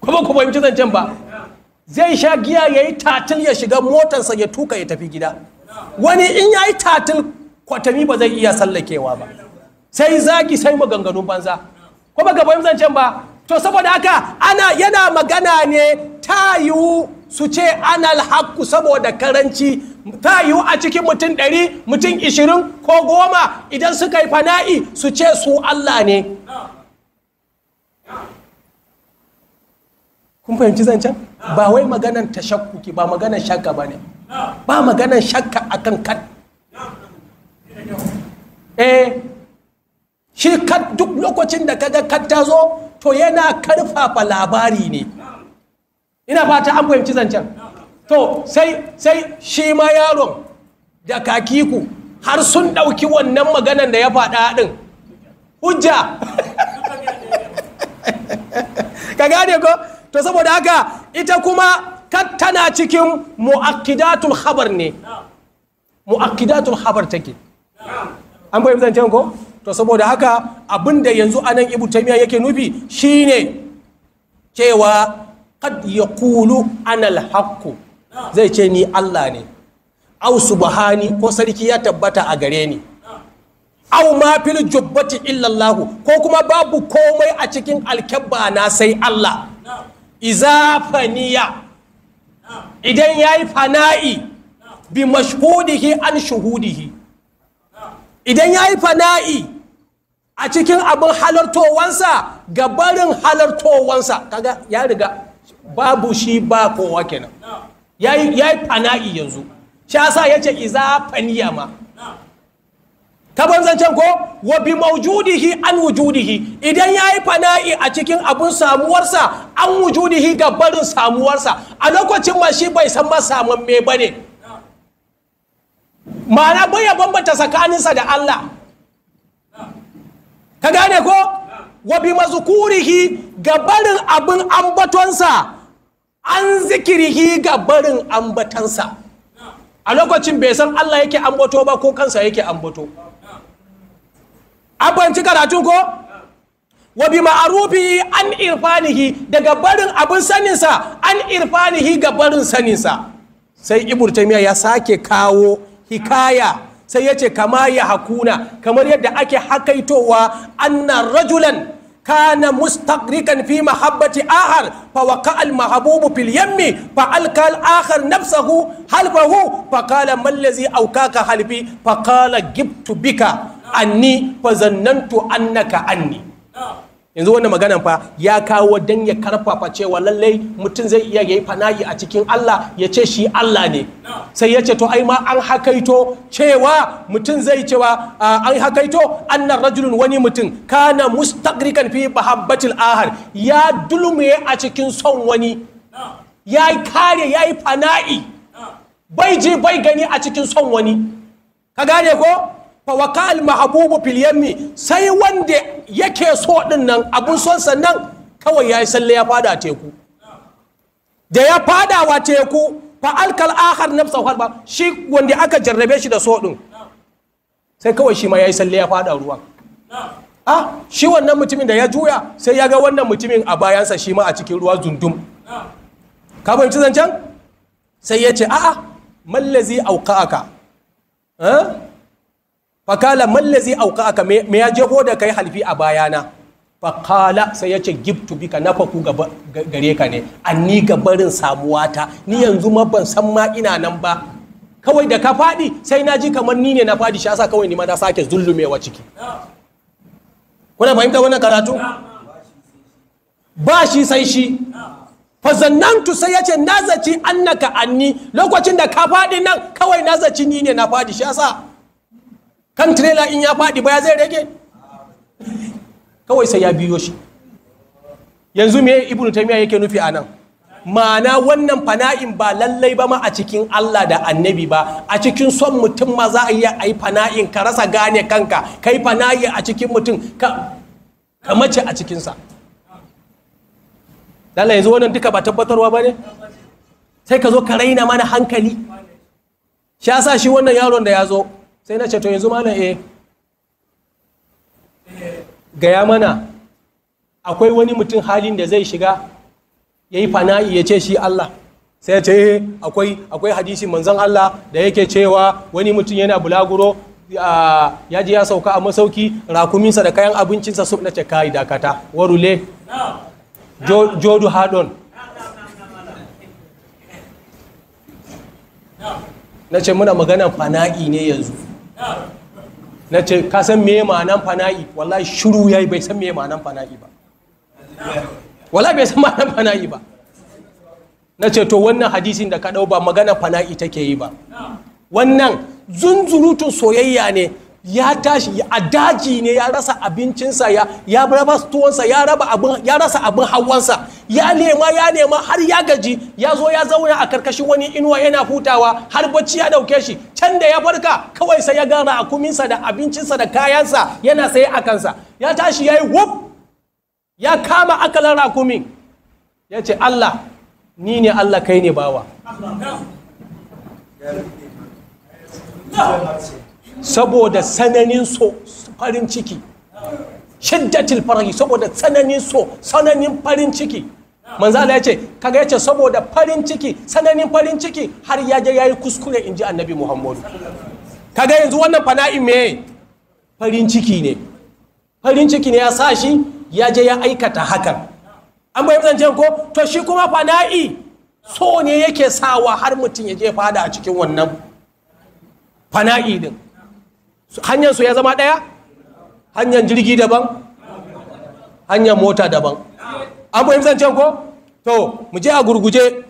Speaker 1: kuma ku fahimci zancen ba zai sha giya ya yi tatil ya shiga motarsa ya tuka ya tafi gida wani in ya yi tatil kwatami ba zai iya sallakewa ba sai zagi sai maganganun banza kuma ga fahimci zancen ba to saboda haka ana yana magana ne ta yiwu su ce anal haƙƙu saboda karanci ta yiwu a cikin mutum ɗari mutum ishirin ko goma idan suka yi fana'i su ce su Allah ne kun fahimci zancen ba wai maganan shakkuki ba maganan shakka ba ne ba maganan shakka akan kan eh shi duk lokacin da kaga kat ta zo to yana karfafa labari ne ina fata an fahimci zancen to sai sai shi ma yaron da kakiku har sun ɗauki wannan maganan da ya faɗa ɗin hujja ka gane ko to saboda haka ita kuma tana cikin mu'akkidatul khabar ne mu'akkidatul khabar take an fahimci zancen ko to saboda haka abin da yanzu anan ibu taymiya yake nufi shine cewa kad ya kulu anal haqqu zai ce ni Allah ne au subhani ko sarki ya tabbata a gare ni au ma fil jubbati illallahu ko kuma babu komai a cikin alkabba na sai Allah izafaniya idan yayi fana'i bi mashhudihi an shuhudihi idan yayi fana'i a cikin abin halartowansa ga barin halartowansa kaga ya riga babu shi ba kowa kenan ya yi fana'i yanzu shi yasa ya ce iza faniya ma ta banzancen ko wa bi maujudihi an wujudihi idan ya yi fana'i a cikin abin samuwarsa an wujudihi ga barin samuwarsa a lokacin ma shi bai san masa samun me bane ma'ana bai ya bambanta tsakaninsa da Allah ka gane ko wa bi mazkurihi ga barin abin ambatonsa an zikirihi ga barin ambatansa a lokacin bai san Allah yake ambato ba ko kansa yake ambato abanci karatun ko wa bi ma'arufi an irfanihi daga barin abin saninsa an irfanihi ga barin saninsa sai ibn taymiya ya sake kawo hikaya sai ya ce kama ya hakuna kamar yadda ake hakaitowa anna rajulan kana mustaqrikan fi mahabbati ahar fa waqa al mahbubu fil yammi fa alqa al akhar nafsahu halfahu fa qala man allazi awkaka halfi fa qala gibtu bika anni fa zannantu annaka anni ah. yanzu wannan maganan fa ya kawo dan ya karfafa cewa lallai mutum zai iya yayi fana'i a cikin Allah ya ce shi Allah ne sai ya ce to ai ma an hakaito cewa mutum zai cewa an hakaito annar rajulun wani mutum kana mustaqrikan fi mahabbatil ahar ya dulmiye a cikin son wani ya kare ya yi fana'i bai ji bai gani a cikin son wani ka gane ko fawakal mahabubu filyammi sai wanda yake so din nan abun son sannan kawai ya yi salle ya fada teku da ya fadawa teku fa alkal akhar nafsa harba shi wanda aka jarrabe shi da so din sai kawai shi ma ya yi salle ya fada ruwan ah shi wannan mutumin da ya juya sai ya ga wannan mutumin a bayansa shi ma a cikin ruwa zundum ka fahimci zancen sai ya ce a'a mallazi auka'aka eh fakala mallazi auka aka me ya jefo da kai halfi a bayana fakala sai ya ce gibtu bika na faku gare ka ne ni ga barin ta ni yanzu ma ban san ma ina nan ba kawai da ka fadi sai na ji kamar ni ne na fadi shi yasa kawai ni ma na sake zullumewa ciki kuna fahimta wannan karatu ba shi sai shi fazannantu sai ya ce nazaci annaka anni lokacin da ka fadi nan kawai nazaci ni ne na fadi shi yasa kan tirela in ya faɗi baya zai rage kawai sai ya biyo shi yanzu me ibnu taymiya yake nufi anan ma'ana wannan fana'in ba lallai ba ma a cikin Allah da annabi ba a cikin son mutum ma za a iya yi fana'in ka rasa gane kanka kai fana'i a cikin mutum ka mace a cikinsa lallai yanzu wannan duka ba tabbatarwa ba ne sai ka zo ka raina mana hankali shi yasa shi wannan yaron da ya zo sai na ce to yanzu malam e gaya mana akwai wani mutum halin da zai shiga ya yi fana'i ya ce shi Allah sai ce eh, akwai akwai hadisi manzon Allah da yake cewa wani mutum yana bulaguro ya ji ya sauka a masauki rakuminsa da kayan abincinsa su na ce yi dakata warule jodu haɗon na ce muna maganan fana'i ne yanzu na ce ka san meye ma'anan fana'i wallahi shiru yi bai san meye ma'anan fana'i ba wallahi bai san ma'anan fana'i ba na ce to wannan hadisin da ka ɗau ba magana fana'i take yi ba wannan zunzurutun soyayya ne ya tashi a daji ne ya rasa abincinsa ya ya raba tuwonsa ya raba abin ya rasa abin hawansa ya nema ya nema har ya gaji ya zo ya zauna a karkashin wani inuwa yana hutawa har bacci ya dauke shi can da ya farka kawai sai ya a kuminsa da abincinsa da kayansa yana saye a kansa ya tashi ya yi wuf ya kama akalar rakumin ya ce Allah ni ne Allah kai ne bawa saboda sananin so farin ciki shiddatil farahi saboda sananin so sananin farin ciki manzo Allah yace kaga yace saboda farin ciki sananin farin ciki har ya je yayi kuskure inji annabi Muhammadu kaga yanzu wannan fana'i me farin ciki ne farin ciki ne ya sa shi ya je ya aikata hakan an bai zance ko to shi kuma fana'i so ne yake sawa har mutum ya je fada a cikin wannan fana'i din hanyar su ya zama ɗaya hanyar jirgi daban hanyar mota daban an fahimci zancen ko to mu je a gurguje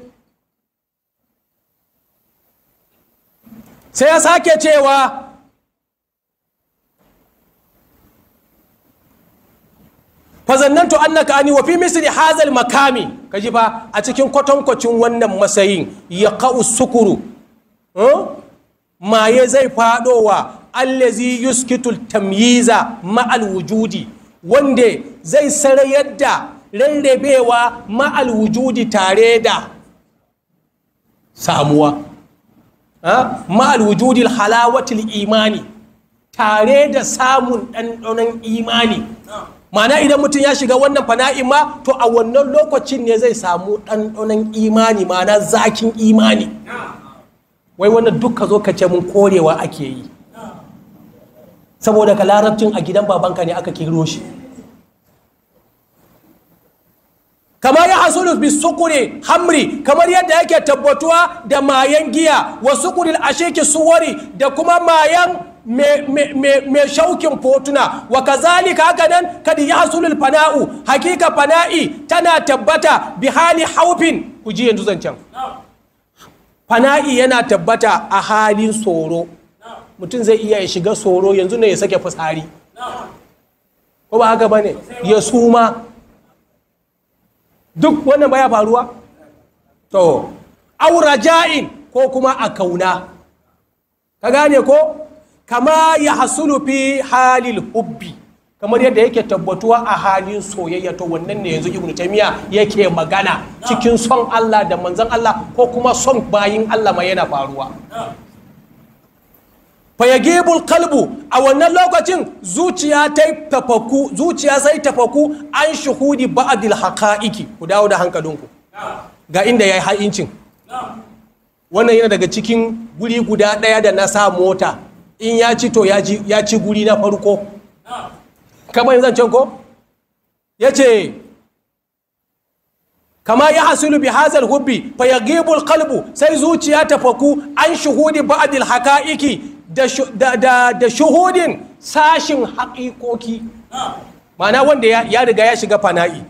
Speaker 1: sai ya sake cewa fazannantu annaka ani wa fi misli hazal makami kaji fa a cikin kwatankwacin wannan masayin ya ka'u sukuru hmm? maye zai fadowa allazi yuskitul tamyiza ma'al wujudi wanda zai sarayar da rarrabewa ma'al wujudi tare da samuwa ma'al wujudi halawatul imani tare da samun ɗanɗanon imani mana idan mutum ya shiga wannan fana'in ma to a wannan lokacin ne zai samu ɗanɗanon imani mana zakin imani wai wannan duka zo ka ce mun korewa ake yi saboda ka larabcin a gidan babanka ne aka kiro shi kamar ya hasu bi sukuri hamri kamar yadda yake tabbatuwa da mayan giya wa sukuril ashiki suwari da kuma mayan mai shaukin fotuna wa kazalika haka nan kadi ya fana'u hakika fana'i tana tabbata bi hali haufin ku ji yanzu zancen fana'i yana tabbata a halin tsoro mutum zai iya ya shiga tsoro yanzu ne ya sake fitsari ko ba haka bane ya suma duk wannan baya faruwa to aura ja'in ko kuma a kauna ka gane ko kama ya hasulu fi halil hubbi kamar yadda yake tabbatuwa a halin soyayya to wannan ne yanzu ibnu taymiya yake magana cikin son Allah da manzon Allah ko kuma son bayin Allah ma yana faruwa fayagibul kalbu a wannan lokacin zuciya ta tafaku zuciya sai tafaku an shuhudi ba'dil haqa'iki ku dawo da hankalinku ga inda yayi ha'incin wannan yana daga cikin guri guda daya da na sa mota in ya ci to ya ci guri na farko kamar zan can ko yace kama ya hasulu bi hazal hubbi fayagibul kalbu sai zuciya tafaku an shuhudi ba'dil haqa'iki da shuhudin sashin haƙiƙoƙi mana wanda ya riga ya shiga fana'i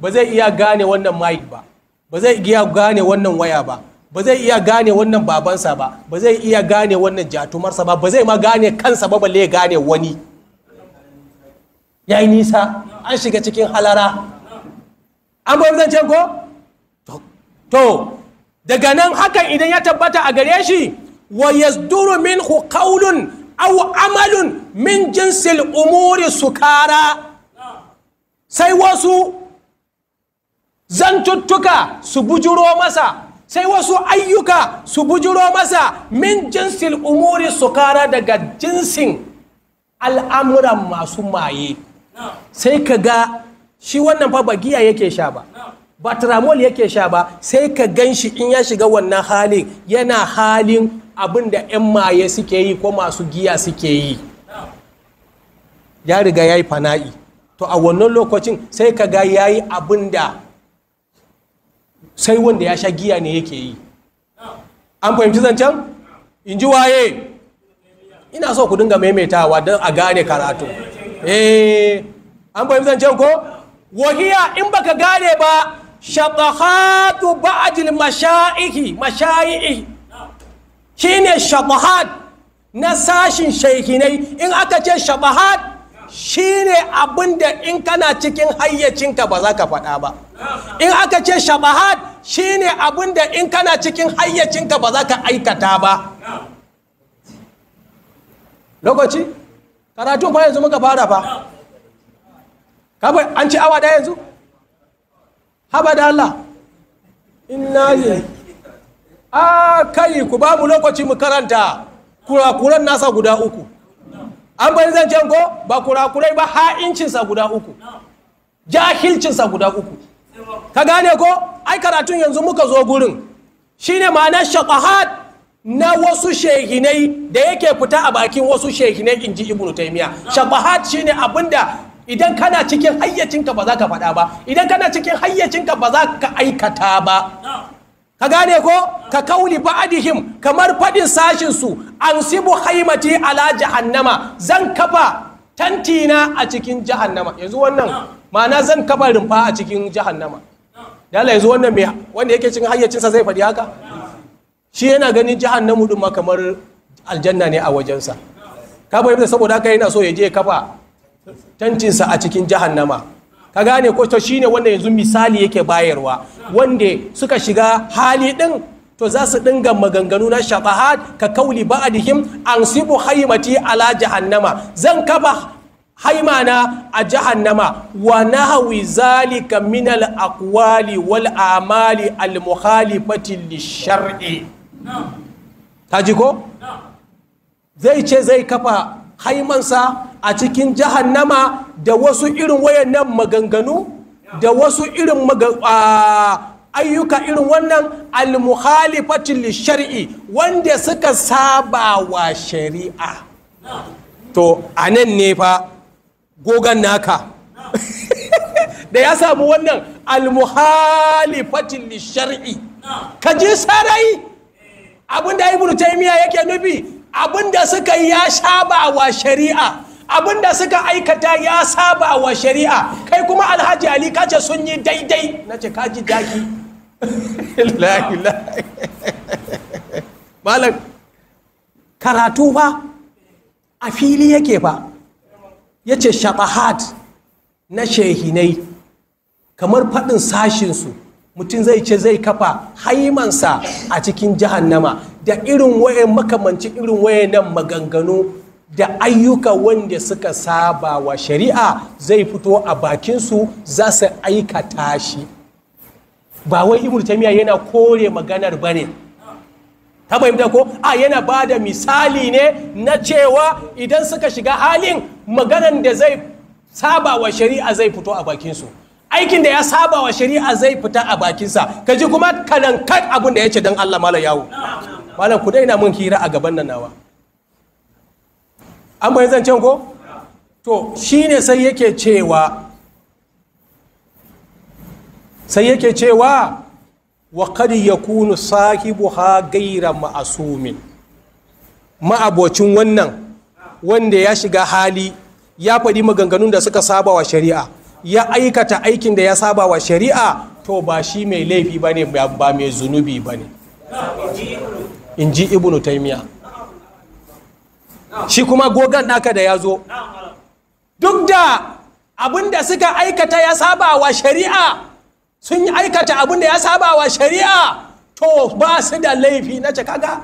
Speaker 1: ba zai iya gane wannan mic ba ba zai iya gane wannan waya ba ba zai iya gane wannan babansa ba ba zai iya gane wannan jatumarsa ba ba zai ma gane kansa ba balle gane wani ya yi nisa an shiga cikin halara an bai zancen ko to daga nan hakan idan ya tabbata a gare shi wa yasduru minhu qawlun aw amalun min jinsil umuri sukara sai wasu zantuttuka su bujuro masa sai wasu ayyuka su bujuro masa min jinsil umuri sukara daga jinsin al'amuran masu maye sai ka ga shi wannan fa ba giya yake sha ba ba yake sha ba sai ka ganshi in ya shiga wannan halin yana halin abin da 'yan maye suke yi ko masu giya suke yi ya riga ya yi fana'i to a wannan lokacin sai ka ga ya yi abin da sai wanda ya sha giya ne yake yi an fahimci zancen in ji waye ina so ku dinga maimaitawa don a gane karatu eh an fahimci zancen ko wahiya in baka gane ba shabahatu ba'adil mashayihi mashayi shine shabahat na sashin shaikinai in aka ce shabahat shine abin da in kana cikin hayyacinka ba za ka faɗa ba in aka ce shabahat shine abin da in kana cikin hayyacinka ba za ka aikata ba lokaci karatun fa yanzu muka fara fa kawai an ci awa da yanzu haba da Allah inna lillahi a kai ku ba mu lokaci mu karanta kurakuran nasa guda uku an bari zancen ko ba kurakurai ba ha'incinsa guda uku jahilcinsa guda uku ka gane ko ai karatun yanzu muka zo gurin shine ma'anar shaqahat na wasu shehinai da yake fita a bakin wasu shehinai in inji ibnu taymiya shaqahat shine abinda idan kana cikin hayyacinka ba za ka faɗa ba idan kana cikin hayyacinka ba za ka aikata ba ka gane ko ka kauli ba'dihim kamar fadin sashin su an sibu haimati ala jahannama zan kafa tantina a cikin jahannama yanzu wannan ma'ana zan kafa rumfa a cikin jahannama dala yanzu wannan mai wanda yake cin hayyacinsa zai faɗi haka shi yana ganin jahannamu din ma kamar aljanna ne a wajensa ka bayyana saboda haka yana so ya je kafa tantinsa a cikin jahannama ka gane ko to shine wanda yanzu misali yake bayarwa wanda suka shiga hali din to za su dinga maganganu na shafahat ka kauli ba'dihim an sibu haimati ala jahannama zan kafa haimana a jahannama wa nahawi zalika min al aqwali wal amali al mukhalifati lishar'i ta ji ko zai ce zai kafa haimansa a cikin jahannama da wasu irin wayannan maganganu da wasu irin ayyuka irin wannan almuhalifatin shari'i wanda suka saba wa shari'a to a nan ne fa gogon naka da ya samu wannan almuhalifatin shari'i ka ji sarai abinda ibnu taymiya yake nufi abinda suka yi ya saba wa shari'a abinda suka aikata ya saba wa shari'a kai kuma alhaji ali kace sun yi daidai na ce kaji daki malam karatu ba a fili yake ba ya ce shabahat na shehinai kamar faɗin sashinsu mutum zai ce zai kafa haimansa a cikin jahannama da irin waye makamanci irin wayannan maganganu da ayyuka wanda suka saba wa shari'a zai fito a bakinsu za su aikata shi ba wai ta tamiya yana kore maganar ba ne ta fahimta ko a yana ba da misali ne na cewa idan suka shiga halin maganan da zai saba wa shari'a zai fito a bakinsu aikin da ya saba wa shari'a zai fita a bakinsa kaji kuma kan abin da ya ce don allah mala yawo malam ku daina mun hira a gaban nan nawa an bai zancen ko to shine sai yake cewa sai yake cewa wa kad yakunu sahibuha gaira ma'asumin ma'abocin wannan wanda ya shiga hali ya faɗi maganganun da suka saba wa shari'a ya aikata aikin da ya saba wa shari'a to ba shi mai laifi ba ne ba mai zunubi ba ne in ji ibnu taimiya shi kuma gogan naka da ya zo duk da abin da suka aikata ya saba wa shari'a sun yi aikata abin ya saba wa shari'a to ba su da laifi na ce kaga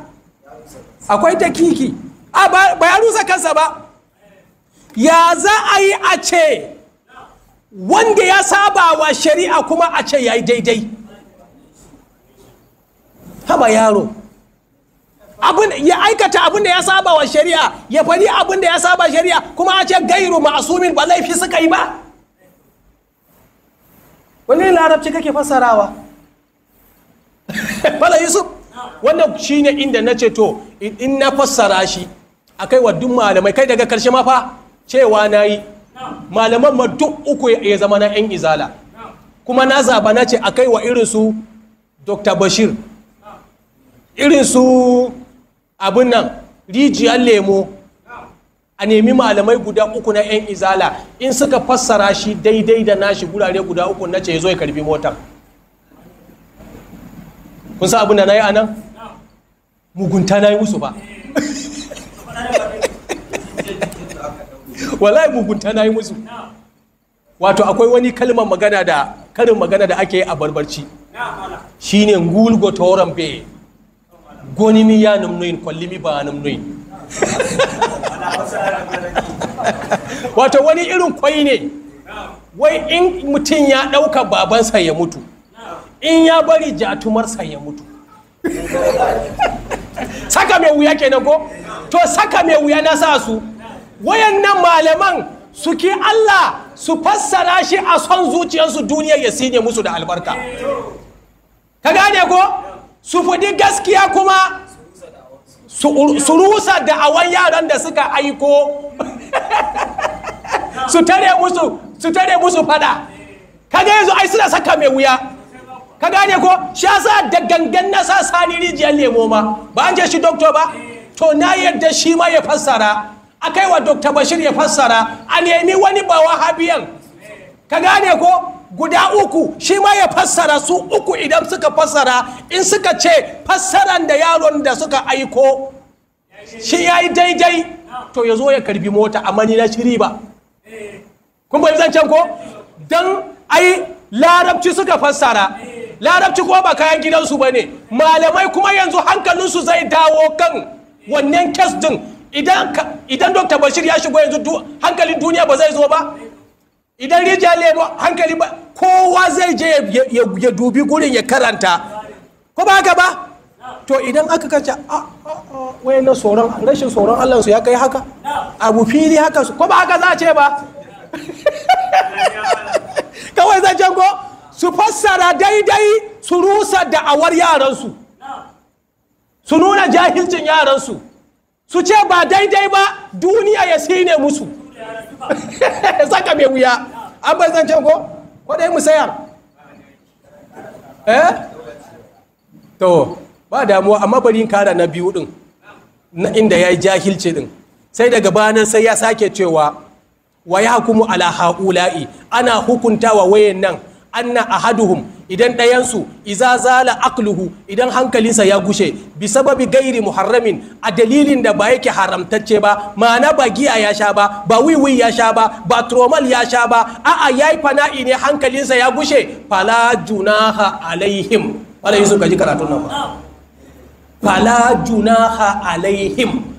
Speaker 1: akwai ta kiki a ba ya rusa kansa ba ya za a yi a ce wanda ya saba wa shari'a kuma a ce ya yi daidai haba yaro abin ya aikata abin da ya saba wa shari'a ya faɗi abin da ya saba shari'a kuma a ce gairu ma'asumin ba laifi suka yi ba wani larabci kake fassarawa bala yusuf wannan shine inda na ce to in na fassara shi a kai wa duk malamai kai daga karshe mafa cewa na yi malaman ma duk uku ya zama na yan izala kuma na zaba na ce a kai wa irin su dr bashir irin su abin nan rijiyar lemo a nemi malamai guda uku na 'yan izala in suka fassara shi daidai da nashi gurare guda uku na ce ya zo ya karbi motar kun sa abin da na yi a nan mugunta na yi musu ba wallahi mugunta na yi musu wato akwai wani kalmar magana da karin magana da ake a barbarci shine ngulgo toron beye goni mi ya numnuyin kwalli mi ba numnuyin wato wani irin kwai ne wai in mutum ya ɗauka babansa ya mutu in ya bari jatumarsa ya mutu saka mai wuya kenan ko to saka mai wuya na sa su wayannan malaman suke Allah su fassara shi a son zuciyarsu duniyar ya sine musu da albarka ka gane ko su faɗi gaskiya kuma su rusa da'awan yaran da suka aiko su tare musu su tare musu fada kaga yanzu ai suna saka mai wuya ka gane ko shi yasa da gangan na sa sani rijiyar lemo ma ba an je shi doctor ba to na yadda shi ma ya fassara akai wa bashir ya fassara a nemi wani ba wahabiyan ka gane ko guda uku shi ma ya fassara su uku idan suka fassara in suka ce fassaran da yaron da suka aiko shi ya yi daidai to ya zo ya karbi mota amma ni na shiri ba kun bai zancen ko don ai larabci suka fassara larabci kuma ba kayan gidansu ba ne malamai kuma yanzu hankalinsu zai dawo kan wannan kes din idan dr bashir ya shigo yanzu hankalin duniya ba zai zo ba idan rijiya lebo hankali ba kowa zai je ya dubi gurin ya karanta ko ba haka ba to idan aka kace a wai na tsoron rashin tsoron Allah su ya kai haka abu fili haka su ko ba haka za a ce ba kawai zai jango su fassara daidai su rusa da'awar yaransu su nuna jahilcin yaransu su ce ba daidai ba duniya ya sine musu Eh, saka mai wuya an bai zance ko ko dai mu saya eh to ba damuwa amma bari in kara na biyu din na inda yayi jahilce din sai daga banan sai ya sake cewa wa ya yahkumu ala haula'i ana hukuntawa wayan nan anna ahaduhum idan ɗayansu iza zala akluhu idan hankalinsa ya gushe bi sababi gairi muharramin a dalilin da ba yake haramtacce ba ma'ana ba giya ya sha ba ba wiwi ya sha ba ba tromal ya sha ba a'a yayi fana'i ne hankalinsa ya gushe fala junaha alaihim wala yusuf ji karatun nan ba fala junaha alaihim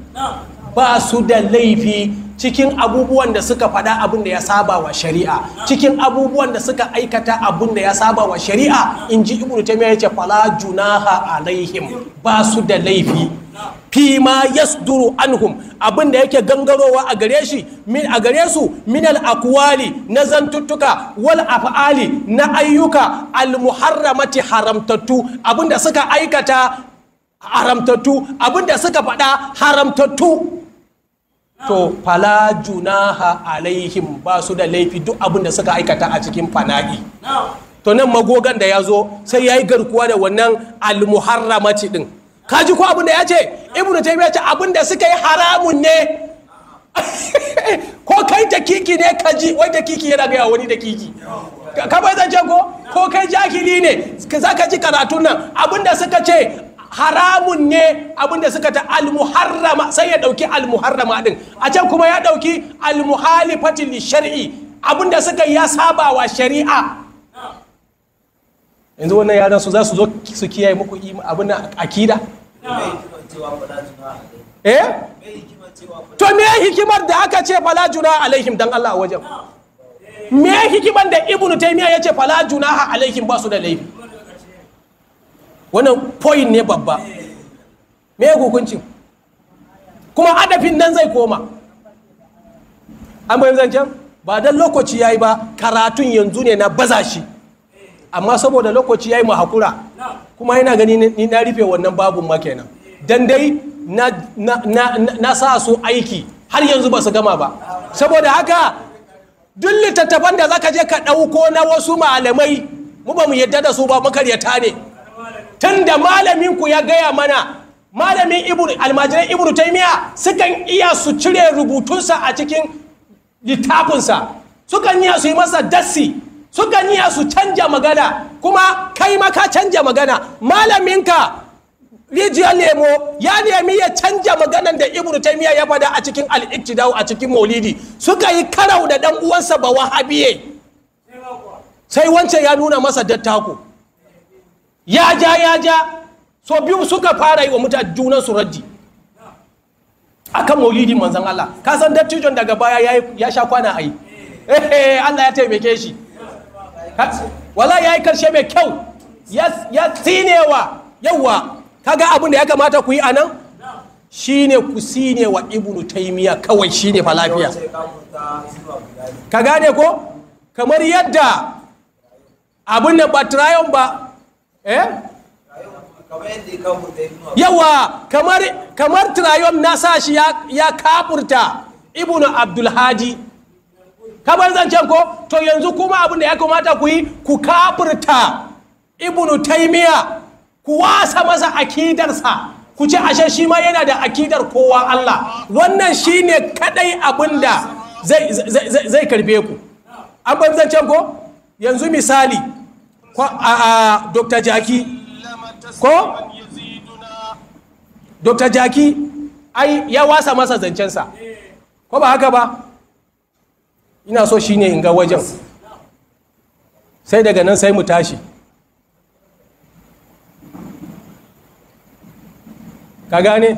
Speaker 1: ba su da laifi cikin abubuwan da suka faɗa abin da ya saba wa shari'a cikin abubuwan da suka aikata abin da ya saba wa shari'a in ji ibnu taymiya yace fala junaha alaihim ba su da laifi fi ma yasduru anhum abin da yake gangarowa a gare shi min a gare su min al aqwali na zantuttuka wal af'ali na ayyuka al muharramati haramtattu abin da suka aikata haramtattu abin da suka faɗa haramtattu to fala junaha alaihim ba su da laifi duk abin da suka aikata a cikin fana'i to nan magogan da ya zo sai ya yi garkuwa da wannan almuharramaci din kaji ko abin da ya ce ibnu taymiya ce abin da suka yi haramun ne ko kai da kiki ne kaji wai da kiki yana gaya wani da kiki ka bai zance ko ko kai jahili ne za ka ji karatun nan abin da suka ce haramun ne abinda suka ta almuharrama sai ya dauki almuharrama din a can kuma ya dauki almuhalifati shari'i shar'i abinda suka ya saba wa shari'a yanzu wannan yaran su za su zo su kiyaye muku abin da akida eh to me hikimar da aka ce fala juna alaihim dan Allah a wajen me hikimar da ibnu taymiya yace fala juna alaihim ba su da laifi wannan point ne babba me hukuncin kuma adafin nan zai koma an bayan zancen ba dan lokaci yayi ba karatun yanzu ne na baza shi amma saboda lokaci yayi mu hakura kuma yana gani ni na rufe wannan babun ma kenan dan dai na, sa su aiki har yanzu ba su gama ba saboda haka duk littattafan da zaka je ka ɗauko na wasu malamai mu ba mu yadda da su ba makaryata ne tun da malaminku ya gaya mana malamin almajiran ibru taimiya sukan iya su cire rubutunsa a cikin littafinsa sukan iya su yi masa dasi, sukan iya su canja magana kuma kai maka canja magana malaminka rijiyar lemo ya nemi ya canja maganan da ibru taimiya ya fada a cikin al'iktidawu a cikin maulidi suka yi karau da dan uwansa ba wahabiye sai wancan ya nuna masa dattako ya ja ya ja so biyu suka fara yi wa mutane junan su raddi akan maulidi manzon Allah ka san dattijon daga baya ya sha kwana ai eh, eh Allah ya taimake shi wala yayi karshe mai kyau ya yauwa Ka ga abin da ya kamata ku yi anan shine ku sinewa ibnu taymiya kawai shine fa lafiya ka gane ko kamar yadda abin da ba ba Eh? yawa kamar tirayon na sa ya kafurta ibnu abdulhaji kamar zancen ko to yanzu kuma abin da ya kamata ku yi ku kafurta ibnu taimiya ku wasa masa akidarsa ku ce ashe shi ma yana da akidar kowa Allah wannan shine kadai abin da zai karbe ku an ban zancen ko yanzu misali a dr jaki ko dr jaki ai ya wasa masa zancensa ko ba haka ba ina so shine in ga wajen sai daga nan sai mu tashi ka gane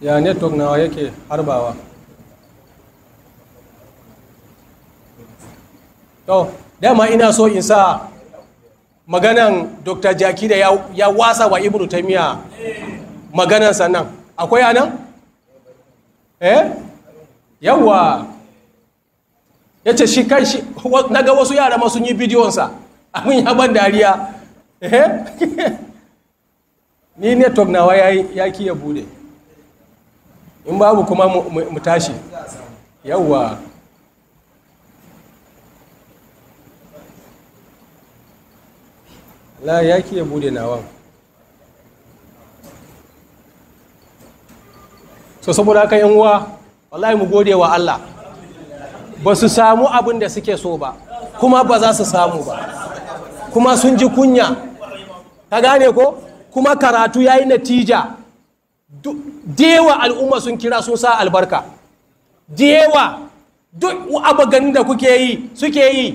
Speaker 1: ya network nawa yake harbawa to dama ina so in sa maganan dr jaki da ya, wasa wa ta miya maganan sannan akwai anan eh yawwa ya shi kan shi na ga wasu yara masu yi bidiyonsa abin ya ban dariya eh ni network nawa ya ki ya bude in babu kuma mu tashi yawwa. la ya ki bude so saboda haka yan uwa wallahi mu gode wa Allah ba su samu abin da suke so ba kuma ba za su samu ba kuma sun ji kunya ka gane ko kuma karatu yayi natija dewa al'umma sun kira sun sa albarka dewa duk abaganin da kuke yi suke yi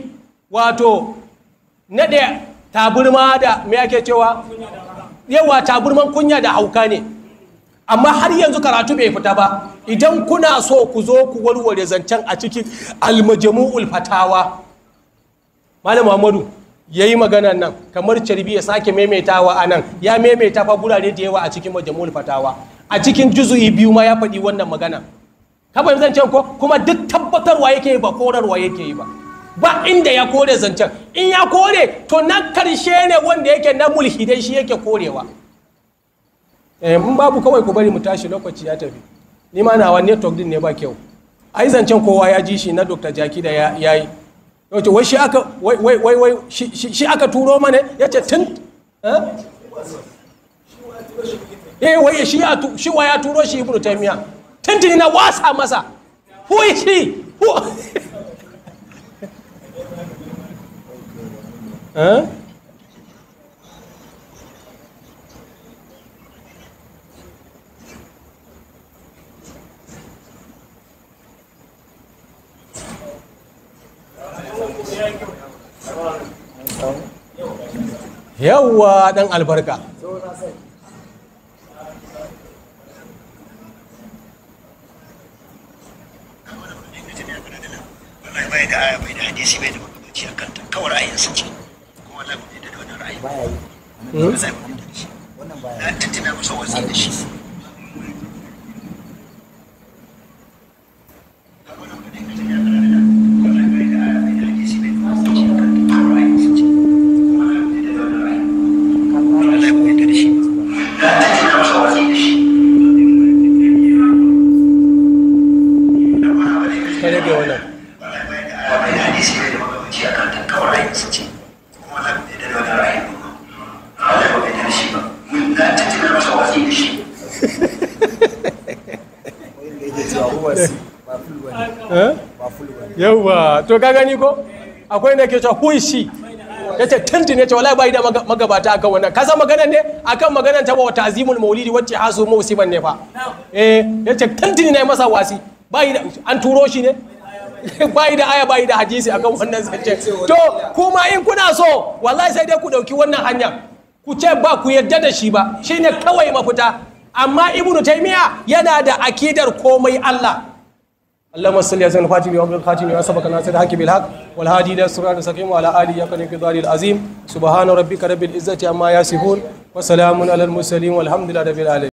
Speaker 1: wato na daya. taburma da me ake cewa yawa taburman kunya da hauka ne amma har yanzu karatu bai fita ba idan kuna so ku zo ku warware zancen a cikin almajamu'ul fatawa malam muhammadu ya yi maganan nan kamar carbi ya sake maimaitawa a nan ya maimaita fa gurare da yawa a cikin majamu'ul fatawa a cikin juzu'i biyu ma ya faɗi wannan magana ka fahimci ko kuma duk tabbatarwa yake yi ba korarwa yake yi ba ba inda ya kore zancen in ya kore to na karshe ne wanda yake na mulhidai shi yake korewa eh, mun babu kawai ku bari mu tashi lokaci ya tafi ni ma na nawa network din ne ba kyau ai zancen kowa ya ji shi na dr jaki da ya yi yace wai shi aka wai wai wai wai shi aka turo mana yace tun eh, eh wai shi ya shi wa ya turo shi ibnu taymiya tuntuni na wasa masa who is he who Hã? Yawwa ɗan albarka. bai da aya bai da hadisi bai da makamaci a kanta kawai ra'ayinsa ce baya yi wannan baya yi wannan baya yauwa to ka gani ko akwai na ke cewa huishi ya ce tantin ya ce wala bai da magabata akan wannan ka san maganar ne akan maganar ta wa azimul maulidi wacce hasu musiban ne fa eh ya ce tantin ne masa wasi bai da an turo shi ne bai da aya bai da hadisi akan wannan zance to kuma in kuna so wallahi sai dai ku dauki wannan hanya ku ce ba ku yadda da shi ba shine kawai mafita amma ibnu taymiya yana da akidar komai Allah اللهم صل على سيدنا الخاتم وعبد الخاتم وسبق الناس الحق بالحق والهادي الى الصراط المستقيم وعلى اله يقين القدر العظيم سبحان ربك رب العزه عما يصفون وسلام على المرسلين والحمد لله رب العالمين